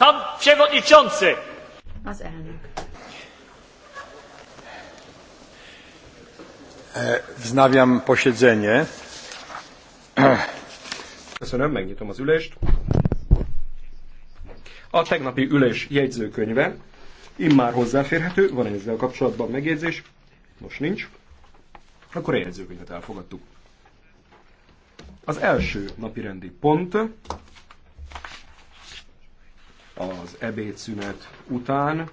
Pan przewodniczący! Az elnök. E, wznawiam posiedzenie. Köszönöm, megnyitom az ülést. A tegnapi ülés jegyzőkönyve immár hozzáférhető, van ezzel kapcsolatban megjegyzés, most nincs. Akkor a jegyzőkönyvet elfogadtuk. Az első napi rendi pont az ebédszünet után.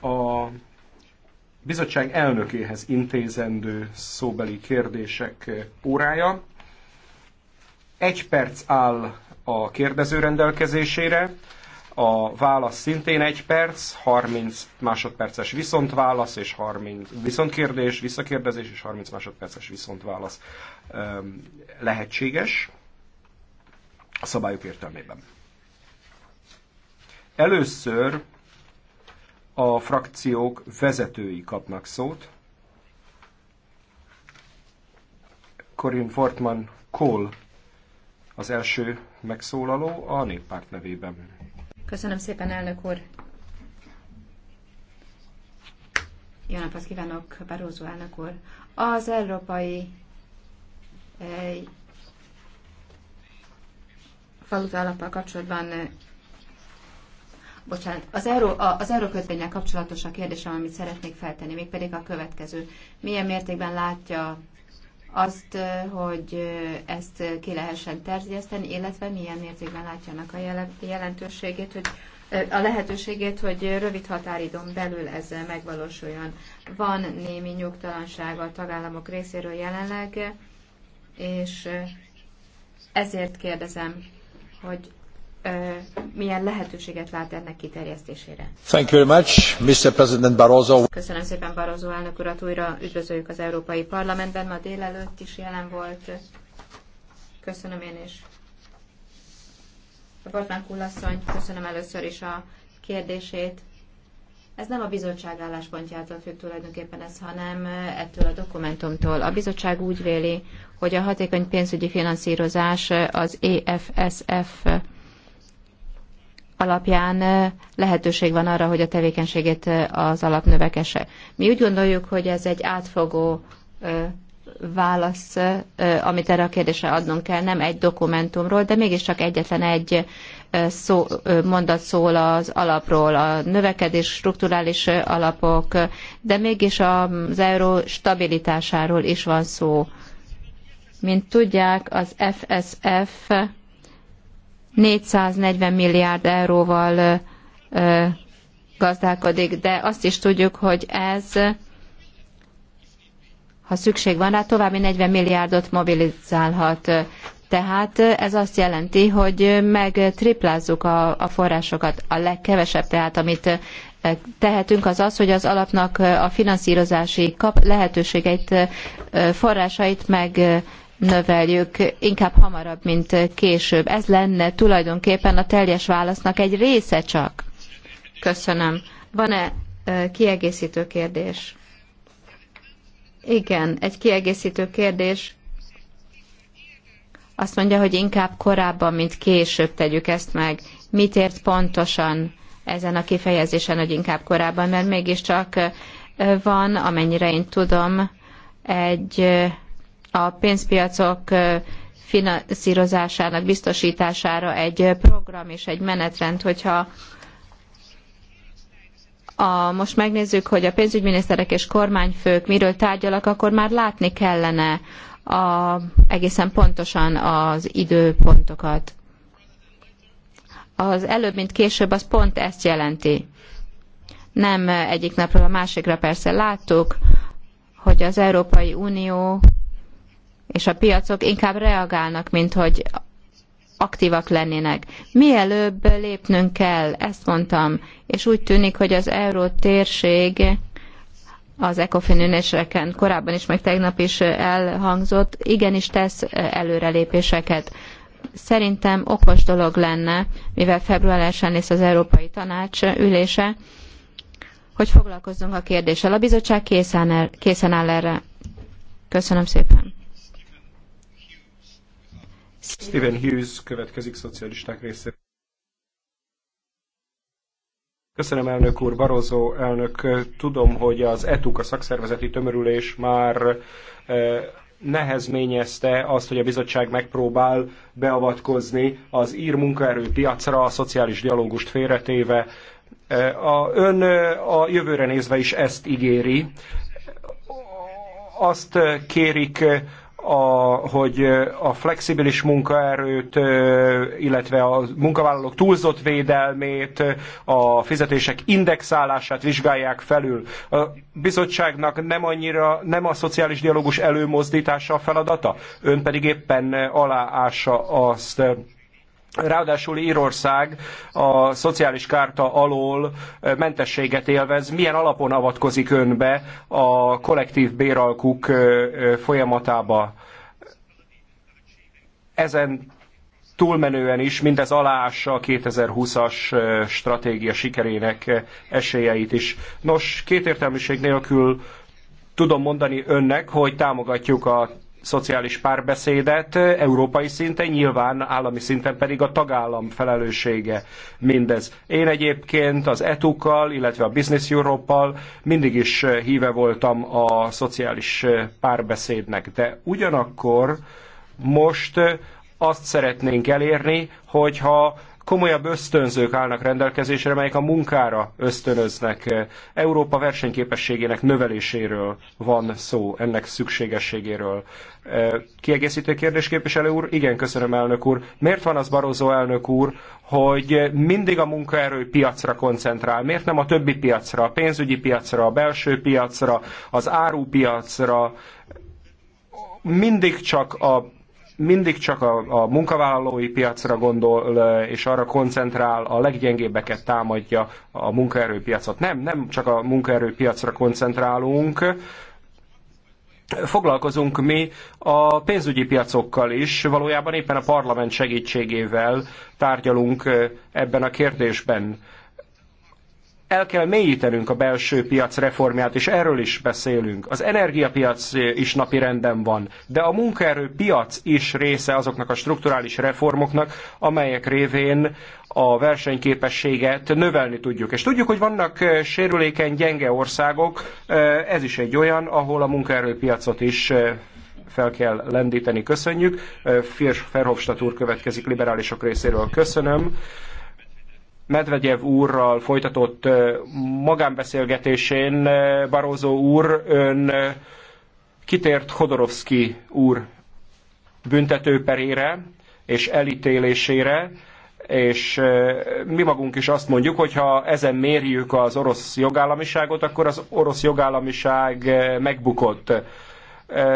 A bizottság elnökéhez intézendő szóbeli kérdések órája. Egy perc áll a kérdező rendelkezésére, a válasz szintén egy perc, 30 másodperces viszontválasz, és 30 viszontkérdés, visszakérdezés, és 30 másodperces viszontválasz lehetséges a szabályok értelmében. Először a frakciók vezetői kapnak szót. Corin Fortman Cole az első megszólaló a néppárt nevében. Köszönöm szépen, elnök úr! Jó napot kívánok, Barózó elnök úr! Az európai eh, alappal kapcsolatban Bocsánat, az, euró, az eurókötvényel kapcsolatos a kérdésem, amit szeretnék feltenni, mégpedig a következő. Milyen mértékben látja azt, hogy ezt ki lehessen terjeszteni, illetve milyen mértékben látja annak a jelentőségét, hogy a lehetőségét, hogy rövid határidon belül ezzel megvalósuljon. Van némi nyugtalanság a tagállamok részéről jelenleg, és ezért kérdezem, hogy milyen lehetőséget lát ennek kiterjesztésére. Thank you very much, Mr. President Barroso. Köszönöm szépen Barroso elnök urat, újra üdvözöljük az Európai Parlamentben, ma délelőtt is jelen volt. Köszönöm én is. Bartmán Kullasszony, köszönöm először is a kérdését. Ez nem a bizottság álláspontjától függ tulajdonképpen ez, hanem eh, ettől a dokumentumtól. A bizottság úgy véli, hogy a hatékony pénzügyi finanszírozás eh, az EFSF eh, alapján lehetőség van arra, hogy a tevékenységét az alap növekese. Mi úgy gondoljuk, hogy ez egy átfogó válasz, amit erre a kérdésre adnunk kell, nem egy dokumentumról, de mégiscsak egyetlen egy szó, mondat szól az alapról, a növekedés strukturális alapok, de mégis az euró stabilitásáról is van szó. Mint tudják, az FSF 440 milliárd euróval gazdálkodik, de azt is tudjuk, hogy ez, ha szükség van rá, további 40 milliárdot mobilizálhat. Tehát ez azt jelenti, hogy megtriplázzuk a, a forrásokat. A legkevesebb, tehát amit eh, tehetünk, az az, hogy az alapnak eh, a finanszírozási kap lehetőségeit, eh, forrásait meg növeljük, inkább hamarabb, mint később. Ez lenne tulajdonképpen a teljes válasznak egy része csak. Köszönöm. Van-e kiegészítő kérdés? Igen, egy kiegészítő kérdés azt mondja, hogy inkább korábban, mint később tegyük ezt meg. Mit ért pontosan ezen a kifejezésen, hogy inkább korábban, mert mégiscsak van, amennyire én tudom, egy a pénzpiacok finanszírozásának biztosítására egy program és egy menetrend, hogyha a, most megnézzük, hogy a pénzügyminiszterek és kormányfők miről tárgyalak, akkor már látni kellene, a, egészen pontosan az időpontokat. Az előbb, mint később, az pont ezt jelenti. Nem egyik napról a másikra persze láttuk, hogy az Európai Unió és a piacok inkább reagálnak, mint hogy aktívak lennének. Mielőbb lépnünk kell, ezt mondtam, és úgy tűnik, hogy az euró térség az ECOFIN üléseken korábban is, meg tegnap is elhangzott, igenis tesz előrelépéseket. Szerintem okos dolog lenne, mivel február 1 lesz az Európai Tanács ülése, hogy foglalkozzunk a kérdéssel. A bizottság készen, el, készen áll erre. Köszönöm szépen. Stephen Hughes következik szocialisták részéről. Köszönöm, elnök úr, Barozó elnök. Tudom, hogy az ETUK, a szakszervezeti tömörülés már eh, nehezményezte azt, hogy a bizottság megpróbál beavatkozni az ír munkaerőpiacra, a szociális dialógust félretéve. Eh, a, ön eh, a jövőre nézve is ezt ígéri. Azt kérik a, hogy a flexibilis munkaerőt, illetve a munkavállalók túlzott védelmét, a fizetések indexálását vizsgálják felül. A bizottságnak nem annyira, nem a szociális dialógus előmozdítása a feladata, ön pedig éppen aláássa azt. Ráadásul Írország a szociális kárta alól mentességet élvez. Milyen alapon avatkozik önbe a kollektív béralkuk folyamatába? Ezen túlmenően is mindez aláássa a 2020-as stratégia sikerének esélyeit is. Nos, kétértelműség nélkül tudom mondani önnek, hogy támogatjuk a szociális párbeszédet európai szinten, nyilván állami szinten pedig a tagállam felelőssége mindez. Én egyébként az ETUK-kal, illetve a Business Europe-kal mindig is híve voltam a szociális párbeszédnek, de ugyanakkor most azt szeretnénk elérni, hogyha komolyabb ösztönzők állnak rendelkezésre, melyek a munkára ösztönöznek. Európa versenyképességének növeléséről van szó, ennek szükségességéről. Kiegészítő kérdés, képviselő úr? Igen, köszönöm, elnök úr. Miért van az Barozó elnök úr, hogy mindig a munkaerő piacra koncentrál? Miért nem a többi piacra, a pénzügyi piacra, a belső piacra, az árupiacra? Mindig csak a mindig csak a, a munkavállalói piacra gondol, és arra koncentrál, a leggyengébbeket támadja a munkaerőpiacot. Nem, nem csak a munkaerőpiacra koncentrálunk, foglalkozunk mi a pénzügyi piacokkal is, valójában éppen a parlament segítségével tárgyalunk ebben a kérdésben el kell mélyítenünk a belső piac reformját, és erről is beszélünk. Az energiapiac is napi renden van, de a munkaerőpiac is része azoknak a strukturális reformoknak, amelyek révén a versenyképességet növelni tudjuk. És tudjuk, hogy vannak sérülékeny, gyenge országok, ez is egy olyan, ahol a munkaerőpiacot is fel kell lendíteni. Köszönjük. Fierhofstadt úr következik liberálisok részéről. Köszönöm. Medvegyev úrral folytatott magánbeszélgetésén Barózó úr ön kitért Hodorovszki úr büntetőperére és elítélésére, és mi magunk is azt mondjuk, hogy ha ezen mérjük az orosz jogállamiságot, akkor az orosz jogállamiság megbukott.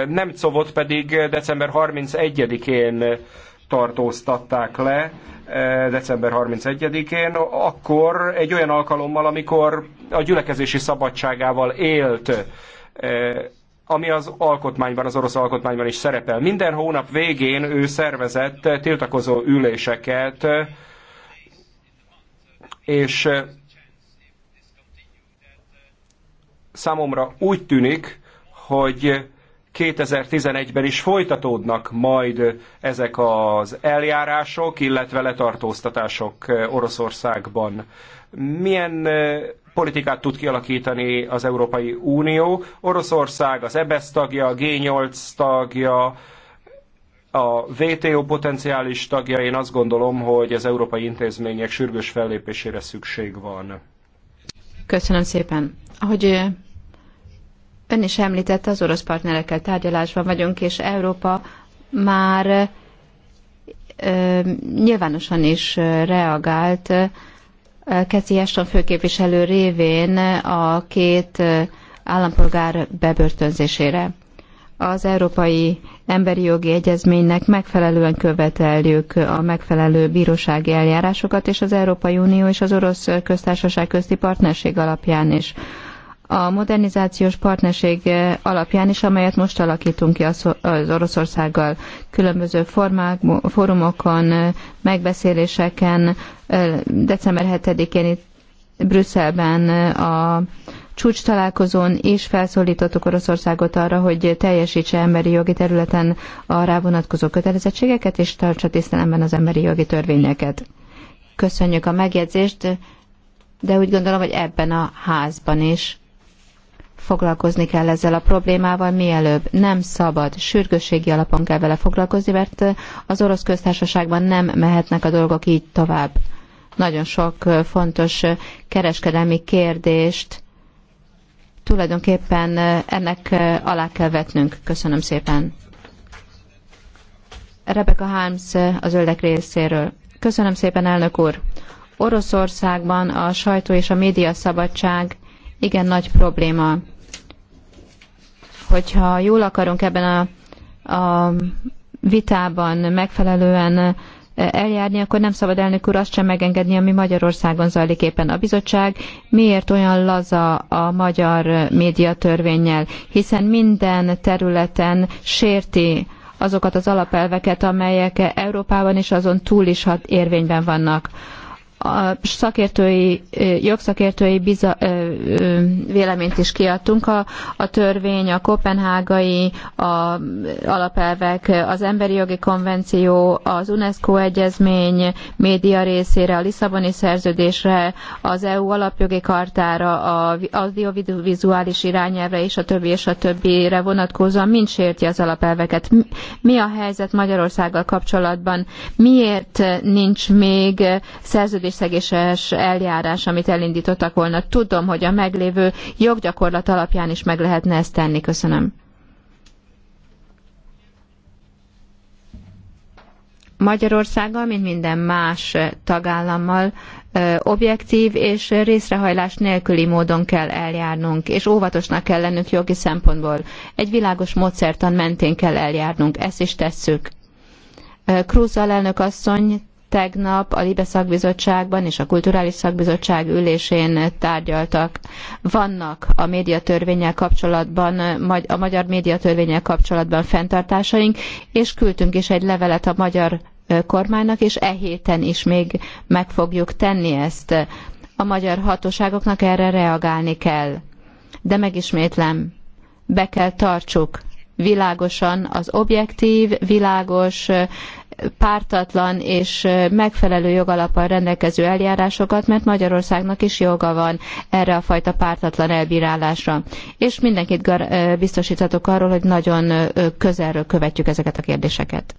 Nemcovot pedig december 31-én tartóztatták le eh, december 31-én, akkor egy olyan alkalommal, amikor a gyülekezési szabadságával élt eh, ami az alkotmányban, az orosz alkotmányban is szerepel. Minden hónap végén ő szervezett tiltakozó üléseket, és eh, számomra úgy tűnik, hogy 2011-ben is folytatódnak majd ezek az eljárások, illetve letartóztatások Oroszországban. Milyen politikát tud kialakítani az Európai Unió? Oroszország az EBSZ e tagja, a G8 tagja, a WTO potenciális tagja, én azt gondolom, hogy az európai intézmények sürgős fellépésére szükség van. Köszönöm szépen. Ahogy Ön is említette, az orosz partnerekkel tárgyalásban vagyunk, és Európa már ö, nyilvánosan is reagált Keci Eston főképviselő révén a két állampolgár bebörtönzésére. Az Európai Emberi Jogi Egyezménynek megfelelően követeljük a megfelelő bírósági eljárásokat, és az Európai Unió és az Orosz Köztársaság közti partnerség alapján is a modernizációs partnerség eh, alapján is, amelyet most alakítunk ki az Oroszországgal különböző formák, fórumokon, eh, megbeszéléseken. Eh, december 7-én itt Brüsszelben a csúcs találkozón is felszólítottuk Oroszországot arra, hogy teljesítse emberi jogi területen a rá vonatkozó kötelezettségeket, és tartsa tisztelemben az emberi jogi törvényeket. Köszönjük a megjegyzést, de úgy gondolom, hogy ebben a házban is foglalkozni kell ezzel a problémával mielőbb. Nem szabad, sürgősségi alapon kell vele foglalkozni, mert eh, az orosz köztársaságban nem mehetnek a dolgok így tovább. Nagyon sok eh, fontos eh, kereskedelmi kérdést tulajdonképpen ennek alá kell vetnünk. Köszönöm szépen. Rebecca Harms az öldek részéről. Köszönöm szépen, elnök úr. Oroszországban a sajtó és a média szabadság igen nagy probléma hogyha jól akarunk ebben a, a vitában megfelelően eh, eljárni, akkor nem szabad elnök úr azt sem megengedni, ami Magyarországon zajlik éppen a bizottság. Miért olyan laza a magyar médiatörvényel? Hiszen minden területen sérti azokat az alapelveket, amelyek Európában és azon túl is hat érvényben vannak a szakértői, jogszakértői biza, véleményt is kiadtunk. A, a törvény, a kopenhágai a alapelvek, az emberi jogi konvenció, az UNESCO egyezmény média részére, a Lisszaboni szerződésre, az EU alapjogi kartára, az audiovizuális irányelvre és a többi és a többire vonatkozóan mind sérti az alapelveket. Mi a helyzet Magyarországgal kapcsolatban? Miért nincs még szerződés összegéses eljárás, amit elindítottak volna. Tudom, hogy a meglévő joggyakorlat alapján is meg lehetne ezt tenni. Köszönöm. Magyarországgal, mint minden más tagállammal objektív és részrehajlás nélküli módon kell eljárnunk, és óvatosnak kell lennünk jogi szempontból. Egy világos módszertan mentén kell eljárnunk, ezt is tesszük. Krúz alelnök asszony tegnap a Libe szakbizottságban és a Kulturális Szakbizottság ülésén tárgyaltak. Vannak a médiatörvényel kapcsolatban, a magyar médiatörvényel kapcsolatban fenntartásaink, és küldtünk is egy levelet a magyar kormánynak, és e héten is még meg fogjuk tenni ezt. A magyar hatóságoknak erre reagálni kell. De megismétlem, be kell tartsuk világosan az objektív, világos pártatlan és megfelelő jogalapal rendelkező eljárásokat, mert Magyarországnak is joga van erre a fajta pártatlan elbírálásra. És mindenkit gar- arról, hogy nagyon közelről követjük ezeket a kérdéseket.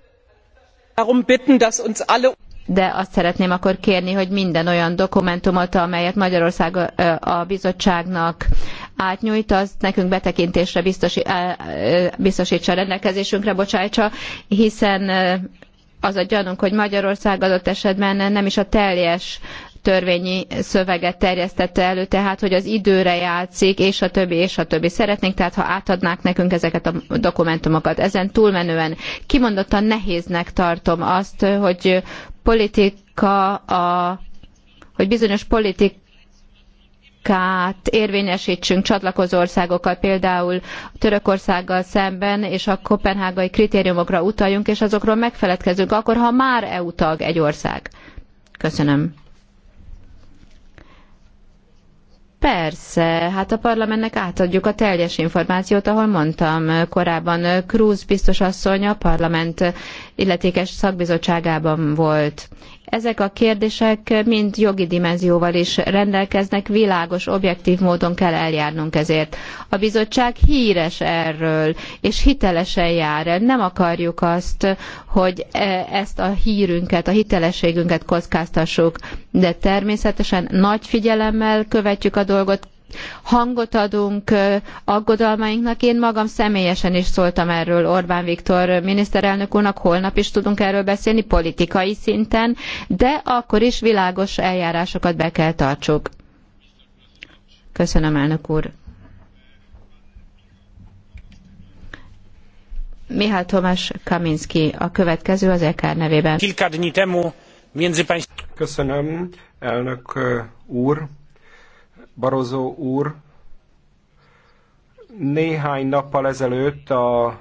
De azt szeretném akkor kérni, hogy minden olyan dokumentumot, amelyet Magyarország a bizottságnak átnyújt, az nekünk betekintésre biztosi, biztosítsa, rendelkezésünkre bocsájtsa, hiszen az a gyanunk, hogy Magyarország adott esetben nem is a teljes törvényi szöveget terjesztette elő, tehát hogy az időre játszik, és a többi, és a többi. Szeretnénk tehát, ha átadnák nekünk ezeket a dokumentumokat. Ezen túlmenően kimondottan nehéznek tartom azt, hogy politika a hogy bizonyos politik politikát érvényesítsünk csatlakozó országokkal, például Törökországgal szemben, és a kopenhágai kritériumokra utaljunk, és azokról megfeledkezünk, akkor ha már EU tag egy ország. Köszönöm. Persze, hát a parlamentnek átadjuk a teljes információt, ahol mondtam korábban, Krúz biztos asszony a parlament illetékes szakbizottságában volt. Ezek a kérdések mind jogi dimenzióval is rendelkeznek, világos, objektív módon kell eljárnunk ezért. A bizottság híres erről, és hitelesen jár el. Nem akarjuk azt, hogy e, ezt a hírünket, a hitelességünket kockáztassuk, de természetesen nagy figyelemmel követjük a dolgot, hangot adunk aggodalmainknak. Én magam személyesen is szóltam erről Orbán Viktor miniszterelnök úrnak, holnap is tudunk erről beszélni politikai szinten, de akkor is világos eljárásokat be kell tartsuk. Köszönöm, elnök úr. Mihály Tomás Kaminski a következő az EKR nevében. Köszönöm, elnök úr. Barozó úr, néhány nappal ezelőtt a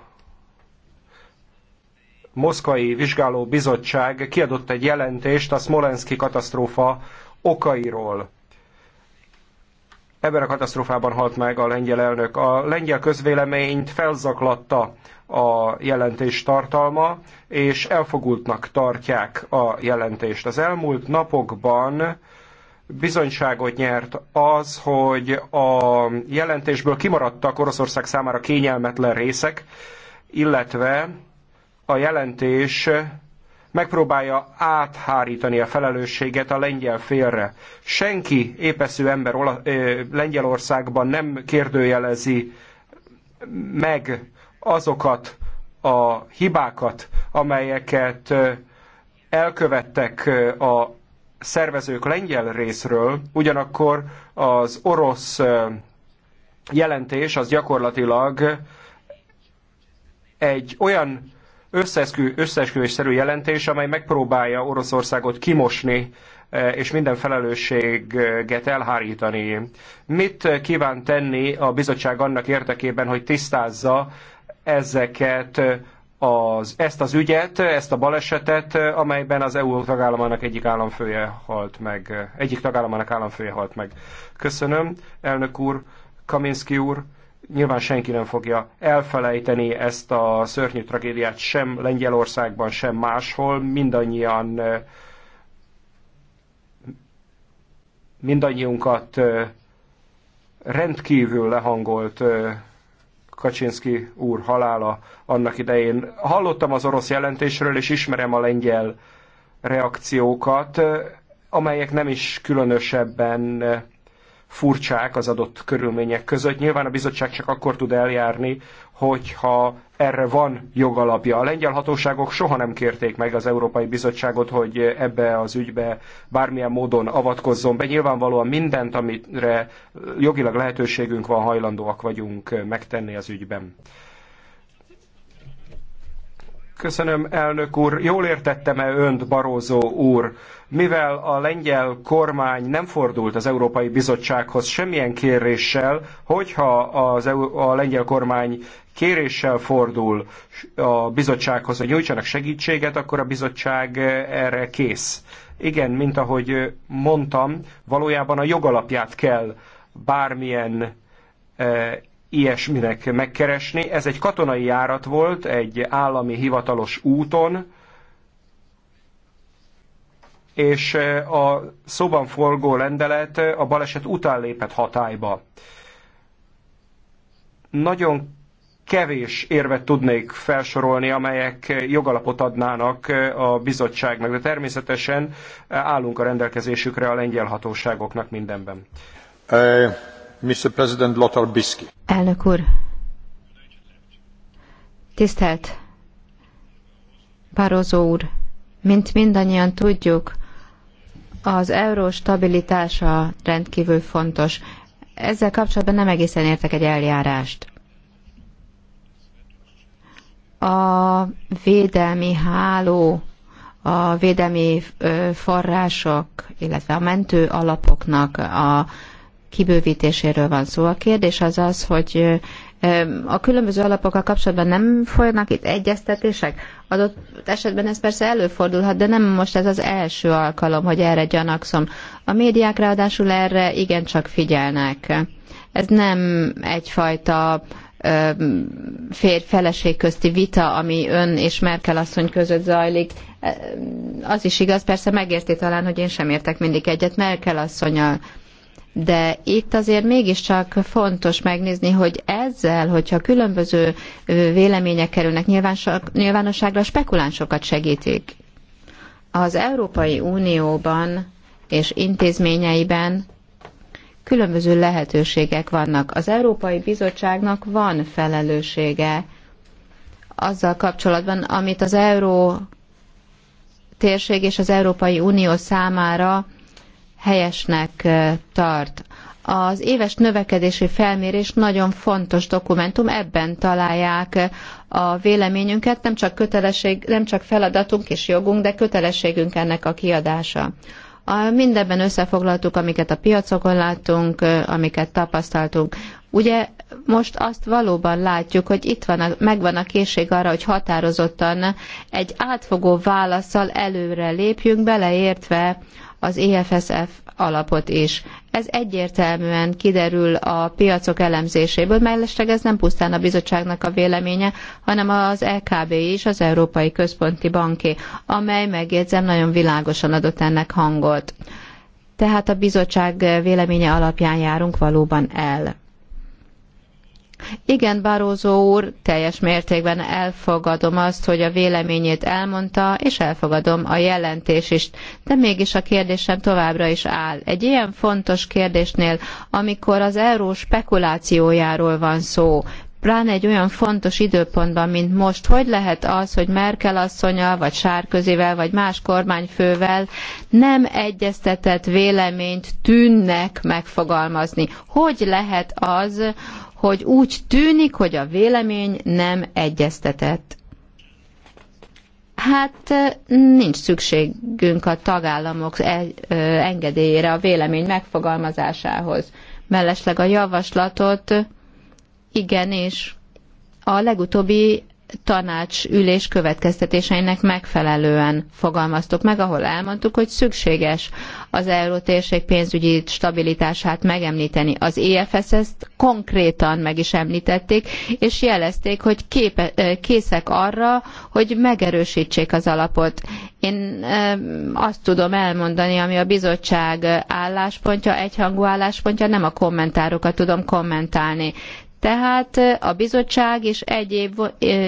Moszkvai Vizsgáló Bizottság kiadott egy jelentést a Smolenski katasztrófa okairól. Ebben a katasztrófában halt meg a lengyel elnök. A lengyel közvéleményt felzaklatta a jelentés tartalma, és elfogultnak tartják a jelentést. Az elmúlt napokban bizonyságot nyert az, hogy a jelentésből kimaradtak Oroszország számára kényelmetlen részek, illetve a jelentés megpróbálja áthárítani a felelősséget a lengyel félre. Senki épeszű ember Lengyelországban nem kérdőjelezi meg azokat a hibákat, amelyeket elkövettek a szervezők lengyel részről, ugyanakkor az orosz jelentés az gyakorlatilag egy olyan összeeskü, összeesküvésszerű jelentés, amely megpróbálja Oroszországot kimosni és minden felelősséget elhárítani. Mit kíván tenni a bizottság annak érdekében, hogy tisztázza ezeket az, ezt az ügyet, ezt a balesetet, amelyben az EU tagállamának egyik államfője halt meg, egyik tagállamának államfője halt meg. Köszönöm, elnök úr, Kaminski úr, nyilván senki nem fogja elfelejteni ezt a szörnyű tragédiát sem Lengyelországban, sem máshol. Mindannyian mindannyiunkat eh, rendkívül lehangolt eh, Kaczynski úr halála annak idején. Hallottam az orosz jelentésről, és ismerem a lengyel reakciókat, amelyek nem is különösebben furcsák az adott körülmények között. Nyilván a bizottság csak akkor tud eljárni, hogyha erre van jogalapja. A lengyel hatóságok soha nem kérték meg az Európai Bizottságot, hogy ebbe az ügybe bármilyen módon avatkozzon be. Nyilvánvalóan mindent, amire jogilag lehetőségünk van, hajlandóak vagyunk megtenni az ügyben. Köszönöm, elnök úr. Jól értettem-e önt, Barózó úr? Mivel a lengyel kormány nem fordult az Európai Bizottsághoz semmilyen kéréssel, hogyha az, a lengyel kormány kéréssel fordul a bizottsághoz, hogy nyújtsanak segítséget, akkor a bizottság erre kész. Igen, mint ahogy mondtam, valójában a jogalapját kell bármilyen eh, ilyesminek megkeresni. Ez egy katonai járat volt, egy állami hivatalos úton, és e, a szóban forgó lendelet a baleset után lépett hatályba. Nagyon kevés érvet tudnék felsorolni, amelyek jogalapot adnának a bizottságnak, de természetesen állunk a rendelkezésükre a lengyel hatóságoknak mindenben. Elnök úr, tisztelt Barozó úr, mint mindannyian tudjuk, az euró stabilitása rendkívül fontos. Ezzel kapcsolatban nem egészen értek egy eljárást. A védelmi háló, a védelmi források, illetve a mentő alapoknak a kibővítéséről van szó. A kérdés az az, hogy a különböző alapokkal kapcsolatban nem folynak itt egyeztetések? Adott esetben ez persze előfordulhat, de nem most ez az első alkalom, hogy erre gyanakszom. A médiák ráadásul erre igencsak figyelnek. Ez nem egyfajta férj-feleség közti vita, ami ön és Merkel asszony között zajlik. Az is igaz, persze megérti talán, hogy én sem értek mindig egyet Merkel asszonyal de itt azért mégiscsak fontos megnézni, hogy ezzel, hogyha különböző vélemények kerülnek nyilvánosságra, spekulánsokat segítik. Az Európai Unióban és intézményeiben különböző lehetőségek vannak. Az Európai Bizottságnak van felelőssége azzal kapcsolatban, amit az Euró térség és az Európai Unió számára helyesnek tart. Az éves növekedési felmérés nagyon fontos dokumentum, ebben találják a véleményünket, nem csak, kötelesség, nem csak feladatunk és jogunk, de kötelességünk ennek a kiadása. A, mindenben összefoglaltuk, amiket a piacokon láttunk, amiket tapasztaltunk. Ugye most azt valóban látjuk, hogy itt van a, megvan a készség arra, hogy határozottan egy átfogó válaszsal előre lépjünk, beleértve az EFSF alapot is. Ez egyértelműen kiderül a piacok elemzéséből, mellesleg ez nem pusztán a bizottságnak a véleménye, hanem az LKB is, az Európai Központi Banké, amely, megjegyzem, nagyon világosan adott ennek hangot. Tehát a bizottság véleménye alapján járunk valóban el. Igen, Barózó úr, teljes mértékben elfogadom azt, hogy a véleményét elmondta, és elfogadom a jelentés is. De mégis a kérdésem továbbra is áll. Egy ilyen fontos kérdésnél, amikor az euró spekulációjáról van szó, pláne egy olyan fontos időpontban, mint most, hogy lehet az, hogy Merkel asszonyal, vagy Sárközivel, vagy más kormányfővel nem egyeztetett véleményt tűnnek megfogalmazni? Hogy lehet az, hogy úgy tűnik, hogy a vélemény nem egyeztetett. Hát nincs szükségünk a tagállamok e, engedélyére a vélemény megfogalmazásához. Mellesleg a javaslatot igenis a legutóbbi Tanács ülés következtetéseinek megfelelően fogalmaztuk meg, ahol elmondtuk, hogy szükséges az eurótérség pénzügyi stabilitását megemlíteni. Az EFS ezt konkrétan meg is említették, és jelezték, hogy képe, készek arra, hogy megerősítsék az alapot. Én azt tudom elmondani, ami a bizottság álláspontja, egyhangú álláspontja, nem a kommentárokat tudom kommentálni. Tehát a bizottság és egyéb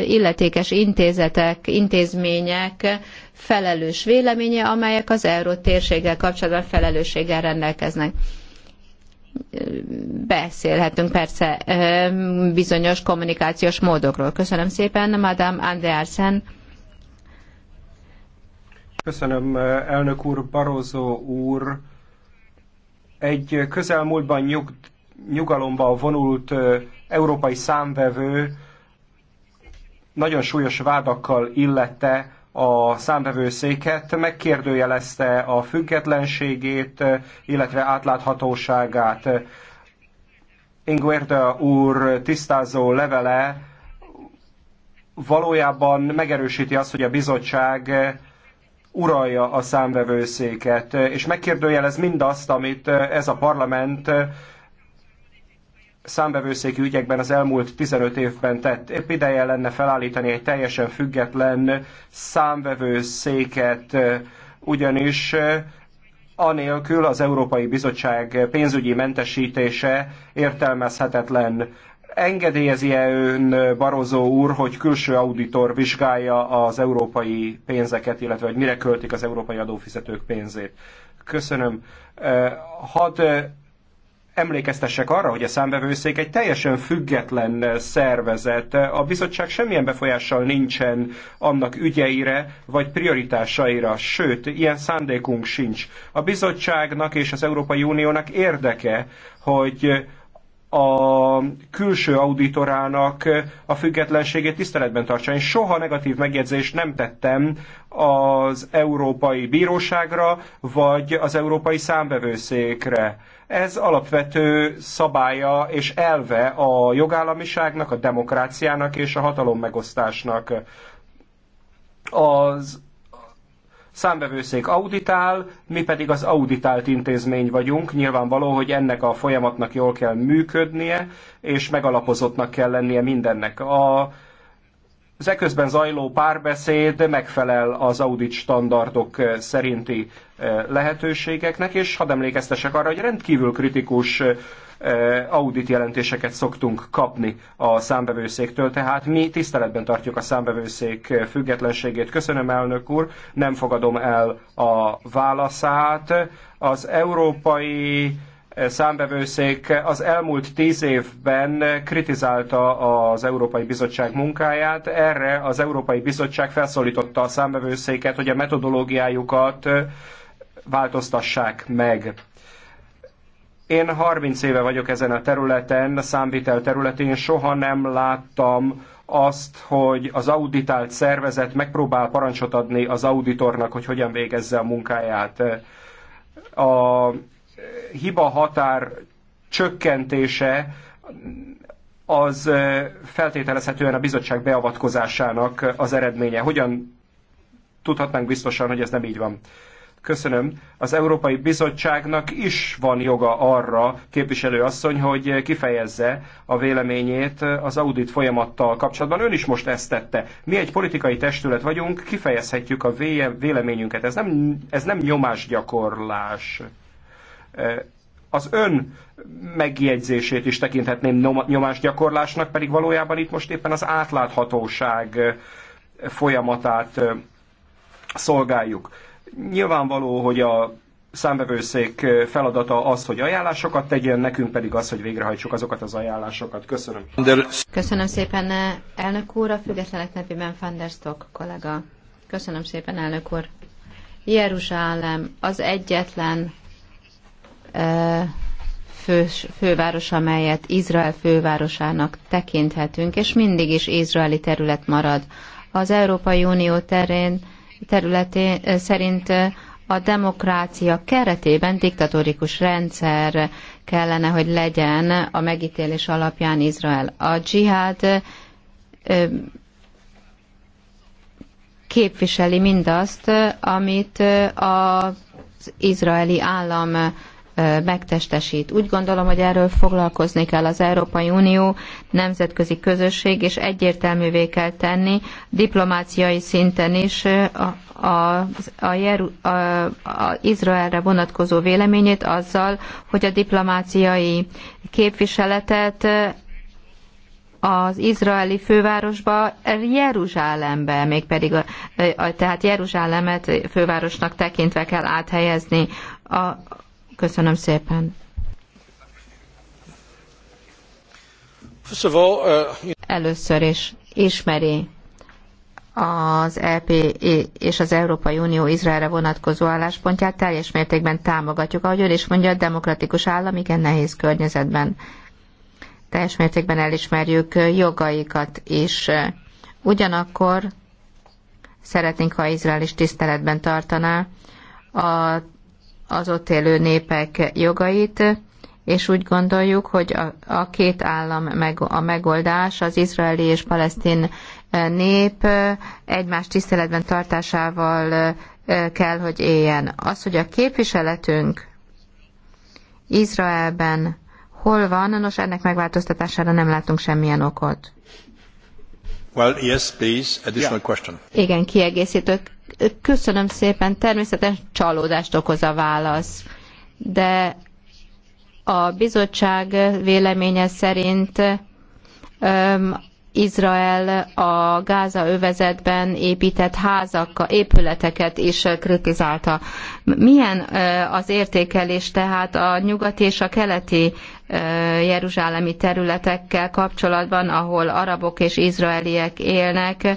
illetékes intézetek, intézmények felelős véleménye, amelyek az euró térséggel kapcsolatban felelősséggel rendelkeznek beszélhetünk persze bizonyos kommunikációs módokról. Köszönöm szépen, Madame Andersen. Köszönöm, elnök úr, Barozó úr. Egy közelmúltban nyug, nyugalomba vonult európai számvevő nagyon súlyos vádakkal illette a számvevőszéket, megkérdőjelezte a függetlenségét, illetve átláthatóságát. Ingwerda úr tisztázó levele valójában megerősíti azt, hogy a bizottság uralja a számvevőszéket, és megkérdőjelez mindazt, amit ez a parlament számbevőszéki ügyekben az elmúlt 15 évben tett. Épp ideje lenne felállítani egy teljesen független számvevőszéket, ugyanis anélkül az Európai Bizottság pénzügyi mentesítése értelmezhetetlen. Engedélyezi-e ön, Barozó úr, hogy külső auditor vizsgálja az európai pénzeket, illetve hogy mire költik az európai adófizetők pénzét? Köszönöm. Hadd emlékeztessek arra, hogy a számvevőszék egy teljesen független szervezet. A bizottság semmilyen befolyással nincsen annak ügyeire vagy prioritásaira, sőt, ilyen szándékunk sincs. A bizottságnak és az Európai Uniónak érdeke, hogy a külső auditorának a függetlenségét tiszteletben tartsa. Én soha negatív megjegyzést nem tettem az Európai Bíróságra, vagy az Európai Számbevőszékre. Ez alapvető szabálya és elve a jogállamiságnak, a demokráciának és a hatalommegosztásnak. Az számbevőszék auditál, mi pedig az auditált intézmény vagyunk. Nyilvánvaló, hogy ennek a folyamatnak jól kell működnie, és megalapozottnak kell lennie mindennek. A az eközben zajló párbeszéd megfelel az audit standardok szerinti eh, lehetőségeknek, és hadd emlékeztesek arra, hogy rendkívül kritikus eh, audit jelentéseket szoktunk kapni a számbevőszéktől, tehát mi tiszteletben tartjuk a számbevőszék függetlenségét. Köszönöm, elnök úr, nem fogadom el a válaszát. Az európai számbevőszék az elmúlt tíz évben kritizálta az Európai Bizottság munkáját. Erre az Európai Bizottság felszólította a számbevőszéket, hogy a metodológiájukat változtassák meg. Én 30 éve vagyok ezen a területen, a számvitel területén, soha nem láttam azt, hogy az auditált szervezet megpróbál parancsot adni az auditornak, hogy hogyan végezze a munkáját. A hiba határ csökkentése az feltételezhetően a bizottság beavatkozásának az eredménye. Hogyan tudhatnánk biztosan, hogy ez nem így van? Köszönöm. Az Európai Bizottságnak is van joga arra, képviselő asszony, hogy kifejezze a véleményét az audit folyamattal kapcsolatban. Ön is most ezt tette. Mi egy politikai testület vagyunk, kifejezhetjük a véleményünket. Ez nem, ez nem nyomásgyakorlás. Eh, az ön megjegyzését is tekinthetném nyomásgyakorlásnak, pedig valójában itt most éppen az átláthatóság eh, folyamatát eh, szolgáljuk. Nyilvánvaló, hogy a számbevőszék feladata az, hogy ajánlásokat tegyen, nekünk pedig az, hogy végrehajtsuk azokat az ajánlásokat. Köszönöm. Köszönöm szépen, elnök úr, a függetlenek nevében Fanderstok kollega. Köszönöm szépen, elnök úr. Jeruzsálem az egyetlen fős, főváros, amelyet Izrael fővárosának tekinthetünk, és mindig is izraeli terület marad. Az Európai Unió terén, területén szerint a demokrácia keretében diktatórikus rendszer kellene, hogy legyen a megítélés alapján Izrael. A dzsihád képviseli mindazt, amit az izraeli állam megtestesít. Úgy gondolom, hogy erről foglalkozni kell az Európai Unió, nemzetközi közösség, és egyértelművé kell tenni diplomáciai szinten is a, a, a, a, a Izraelre vonatkozó véleményét azzal, hogy a diplomáciai képviseletet az izraeli fővárosba, Jeruzsálembe, mégpedig a, a, tehát Jeruzsálemet fővárosnak tekintve kell áthelyezni. A, Köszönöm szépen. Uh, Először is ismeri az EP és az Európai Unió Izraelre vonatkozó álláspontját teljes mértékben támogatjuk. Ahogy ön is mondja, a demokratikus állam igen nehéz környezetben. Teljes mértékben elismerjük jogaikat is. Ugyanakkor szeretnénk, ha Izrael is tiszteletben tartaná a az ott élő népek jogait, és úgy gondoljuk, hogy a, a két állam meg, a megoldás, az izraeli és palesztin eh, nép eh, egymás tiszteletben tartásával eh, kell, hogy éljen. Az, hogy a képviseletünk Izraelben hol van, nos ennek megváltoztatására nem látunk semmilyen okot. Well, yes, please. Additional yeah. question. Igen, kiegészítő Köszönöm szépen, természetesen csalódást okoz a válasz, de a bizottság véleménye szerint Izrael a Gáza övezetben épített házak, épületeket is kritizálta. Milyen az értékelés tehát a nyugati és a keleti jeruzsálemi területekkel kapcsolatban, ahol arabok és izraeliek élnek,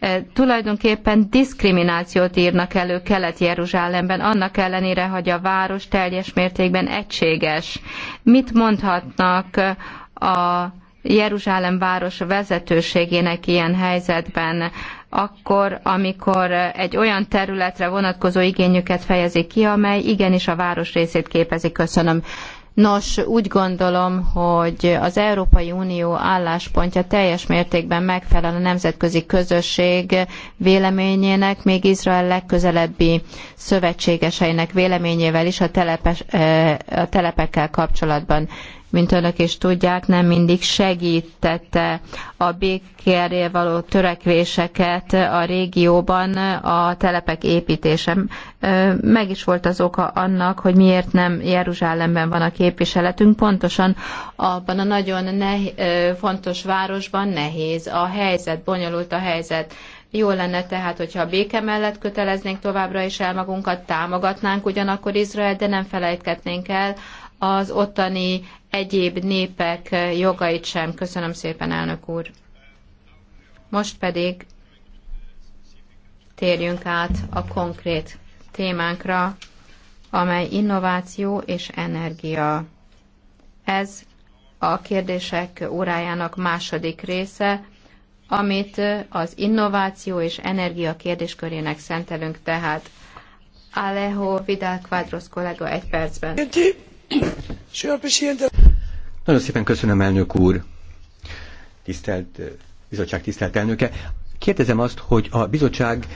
E, tulajdonképpen diszkriminációt írnak elő Kelet-Jeruzsálemben, annak ellenére, hogy a város teljes mértékben egységes. Mit mondhatnak a Jeruzsálem város vezetőségének ilyen helyzetben, akkor, amikor egy olyan területre vonatkozó igényüket fejezik ki, amely igenis a város részét képezi. Köszönöm. Nos, úgy gondolom, hogy az Európai Unió álláspontja teljes mértékben megfelel a nemzetközi közösség véleményének, még Izrael legközelebbi szövetségeseinek véleményével is a, eh, a telepekkel kapcsolatban mint önök is tudják, nem mindig segítette a békére való törekvéseket a régióban a telepek építése. Meg is volt az oka annak, hogy miért nem Jeruzsálemben van a képviseletünk, pontosan abban a nagyon fontos városban nehéz a helyzet, bonyolult a helyzet. Jó lenne tehát, hogyha a béke mellett köteleznénk továbbra is el magunkat, támogatnánk ugyanakkor Izrael, de nem felejtkednénk el az ottani egyéb népek jogait sem. Köszönöm szépen, elnök úr. Most pedig térjünk át a konkrét témánkra, amely innováció és energia. Ez a kérdések órájának második része, amit az innováció és energia kérdéskörének szentelünk tehát. Alejo Vidal Quadros kollega egy percben. Nagyon szépen köszönöm, elnök úr. Tisztelt bizottság tisztelt elnöke. Kérdezem azt, hogy a bizottság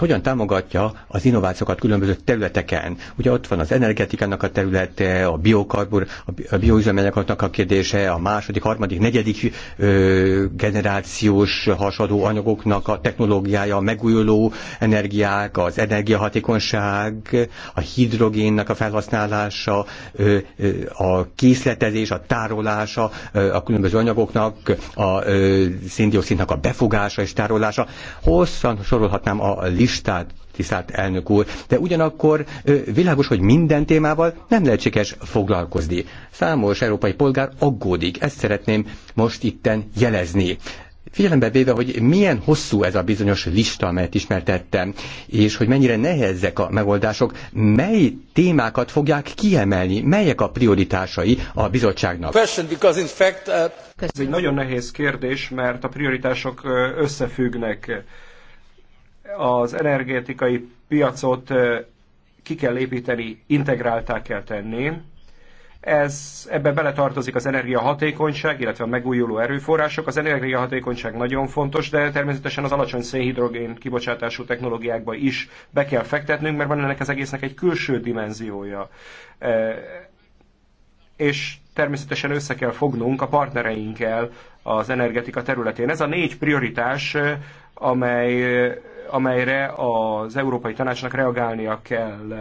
hogyan támogatja az innovációkat különböző területeken. Ugye ott van az energetikának a területe, a biokarbur, a bioüzemanyagoknak a kérdése, a második, harmadik, negyedik ö, generációs hasadó anyagoknak a technológiája, a megújuló energiák, az energiahatékonyság, a hidrogénnek a felhasználása, ö, ö, a készletezés, a tárolása ö, a különböző anyagoknak, a szindioxidnak a befogása és tárolása. Hosszan sorolhatnám a listát, listát, tisztelt elnök úr, de ugyanakkor világos, hogy minden témával nem lehetséges foglalkozni. Számos európai polgár aggódik, ezt szeretném most itten jelezni figyelembe véve, hogy milyen hosszú ez a bizonyos lista, amelyet ismertettem, és hogy mennyire nehezek a megoldások, mely témákat fogják kiemelni, melyek a prioritásai a bizottságnak? Uh, ez egy nagyon nehéz kérdés, mert a prioritások összefüggnek az energetikai piacot ki kell építeni, integráltá kell tenni. Ez, ebbe beletartozik az energiahatékonyság, illetve a megújuló erőforrások. Az energiahatékonyság nagyon fontos, de természetesen az alacsony szénhidrogén kibocsátású technológiákba is be kell fektetnünk, mert van ennek az egésznek egy külső dimenziója. És természetesen össze kell fognunk a partnereinkkel az energetika területén. Ez a négy prioritás, amely, amelyre az Európai Tanácsnak reagálnia kell.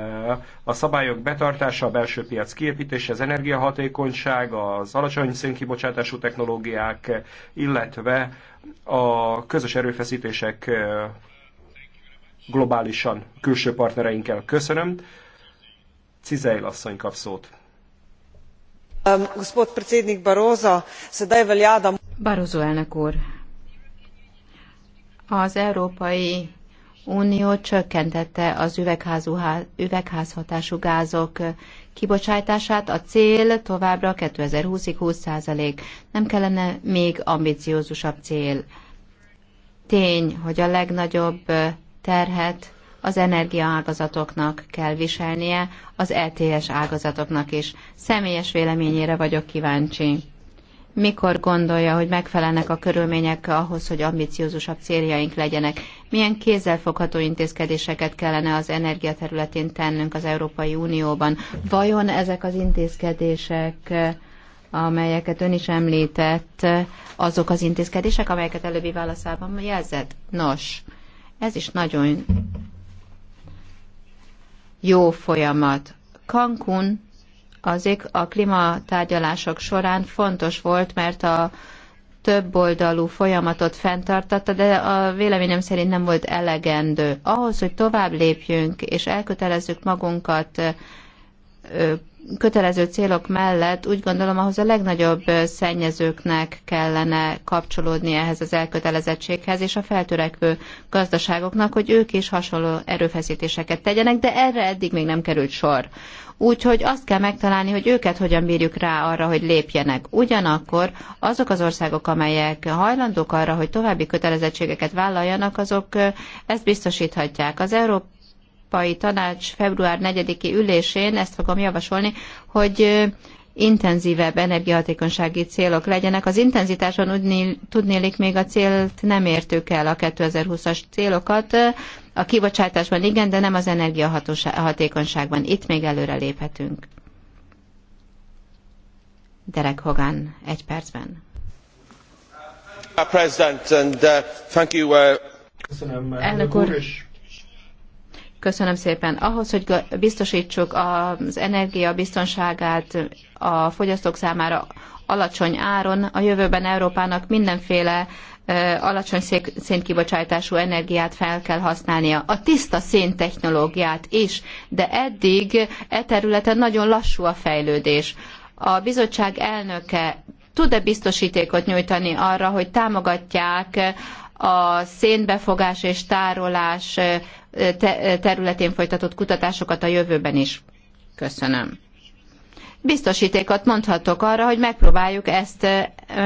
A szabályok betartása, a belső piac kiépítése, az energiahatékonyság, az alacsony szénkibocsátású technológiák, illetve a közös erőfeszítések globálisan külső partnereinkkel. Köszönöm. Cizeil asszony kap szót barroso elnök úr az európai unió csökkentette az üvegházhatású gázok kibocsátását a cél továbbra 2020-ig 20%. Nem kellene még ambiciózusabb cél. Tény, hogy a legnagyobb terhet az energiaágazatoknak kell viselnie, az ETS ágazatoknak is. Személyes véleményére vagyok kíváncsi. Mikor gondolja, hogy megfelelnek a körülmények ahhoz, hogy ambiciózusabb céljaink legyenek? Milyen kézzelfogható intézkedéseket kellene az energia területén tennünk az Európai Unióban? Vajon ezek az intézkedések amelyeket ön is említett, azok az intézkedések, amelyeket előbbi válaszában jelzett? Nos, ez is nagyon jó folyamat. Cancún azik a klimatárgyalások során fontos volt, mert a több oldalú folyamatot fenntartatta, de a véleményem szerint nem volt elegendő. Ahhoz, hogy tovább lépjünk és elkötelezzük magunkat kötelező célok mellett úgy gondolom ahhoz a legnagyobb szennyezőknek kellene kapcsolódni ehhez az elkötelezettséghez, és a feltörekvő gazdaságoknak, hogy ők is hasonló erőfeszítéseket tegyenek, de erre eddig még nem került sor. Úgyhogy azt kell megtalálni, hogy őket hogyan bírjuk rá arra, hogy lépjenek. Ugyanakkor azok az országok, amelyek hajlandók arra, hogy további kötelezettségeket vállaljanak, azok ezt biztosíthatják. Az Európa Európai Tanács február 4-i ülésén ezt fogom javasolni, hogy intenzívebb energiahatékonysági célok legyenek. Az intenzitáson tudnélik még a célt nem értük el, a 2020-as célokat. A kibocsátásban igen, de nem az energiahatékonyságban. Itt még előre léphetünk. Derek Hogan, egy percben. President, and, uh, thank you, uh, Köszönöm, elnök úr, és Köszönöm szépen. Ahhoz, hogy biztosítsuk az energia biztonságát a fogyasztók számára alacsony áron, a jövőben Európának mindenféle alacsony szénkibocsátású energiát fel kell használnia. A tiszta szén technológiát is, de eddig e területen nagyon lassú a fejlődés. A bizottság elnöke tud-e biztosítékot nyújtani arra, hogy támogatják a szénbefogás és tárolás területén folytatott kutatásokat a jövőben is. Köszönöm. Biztosítékot mondhatok arra, hogy megpróbáljuk ezt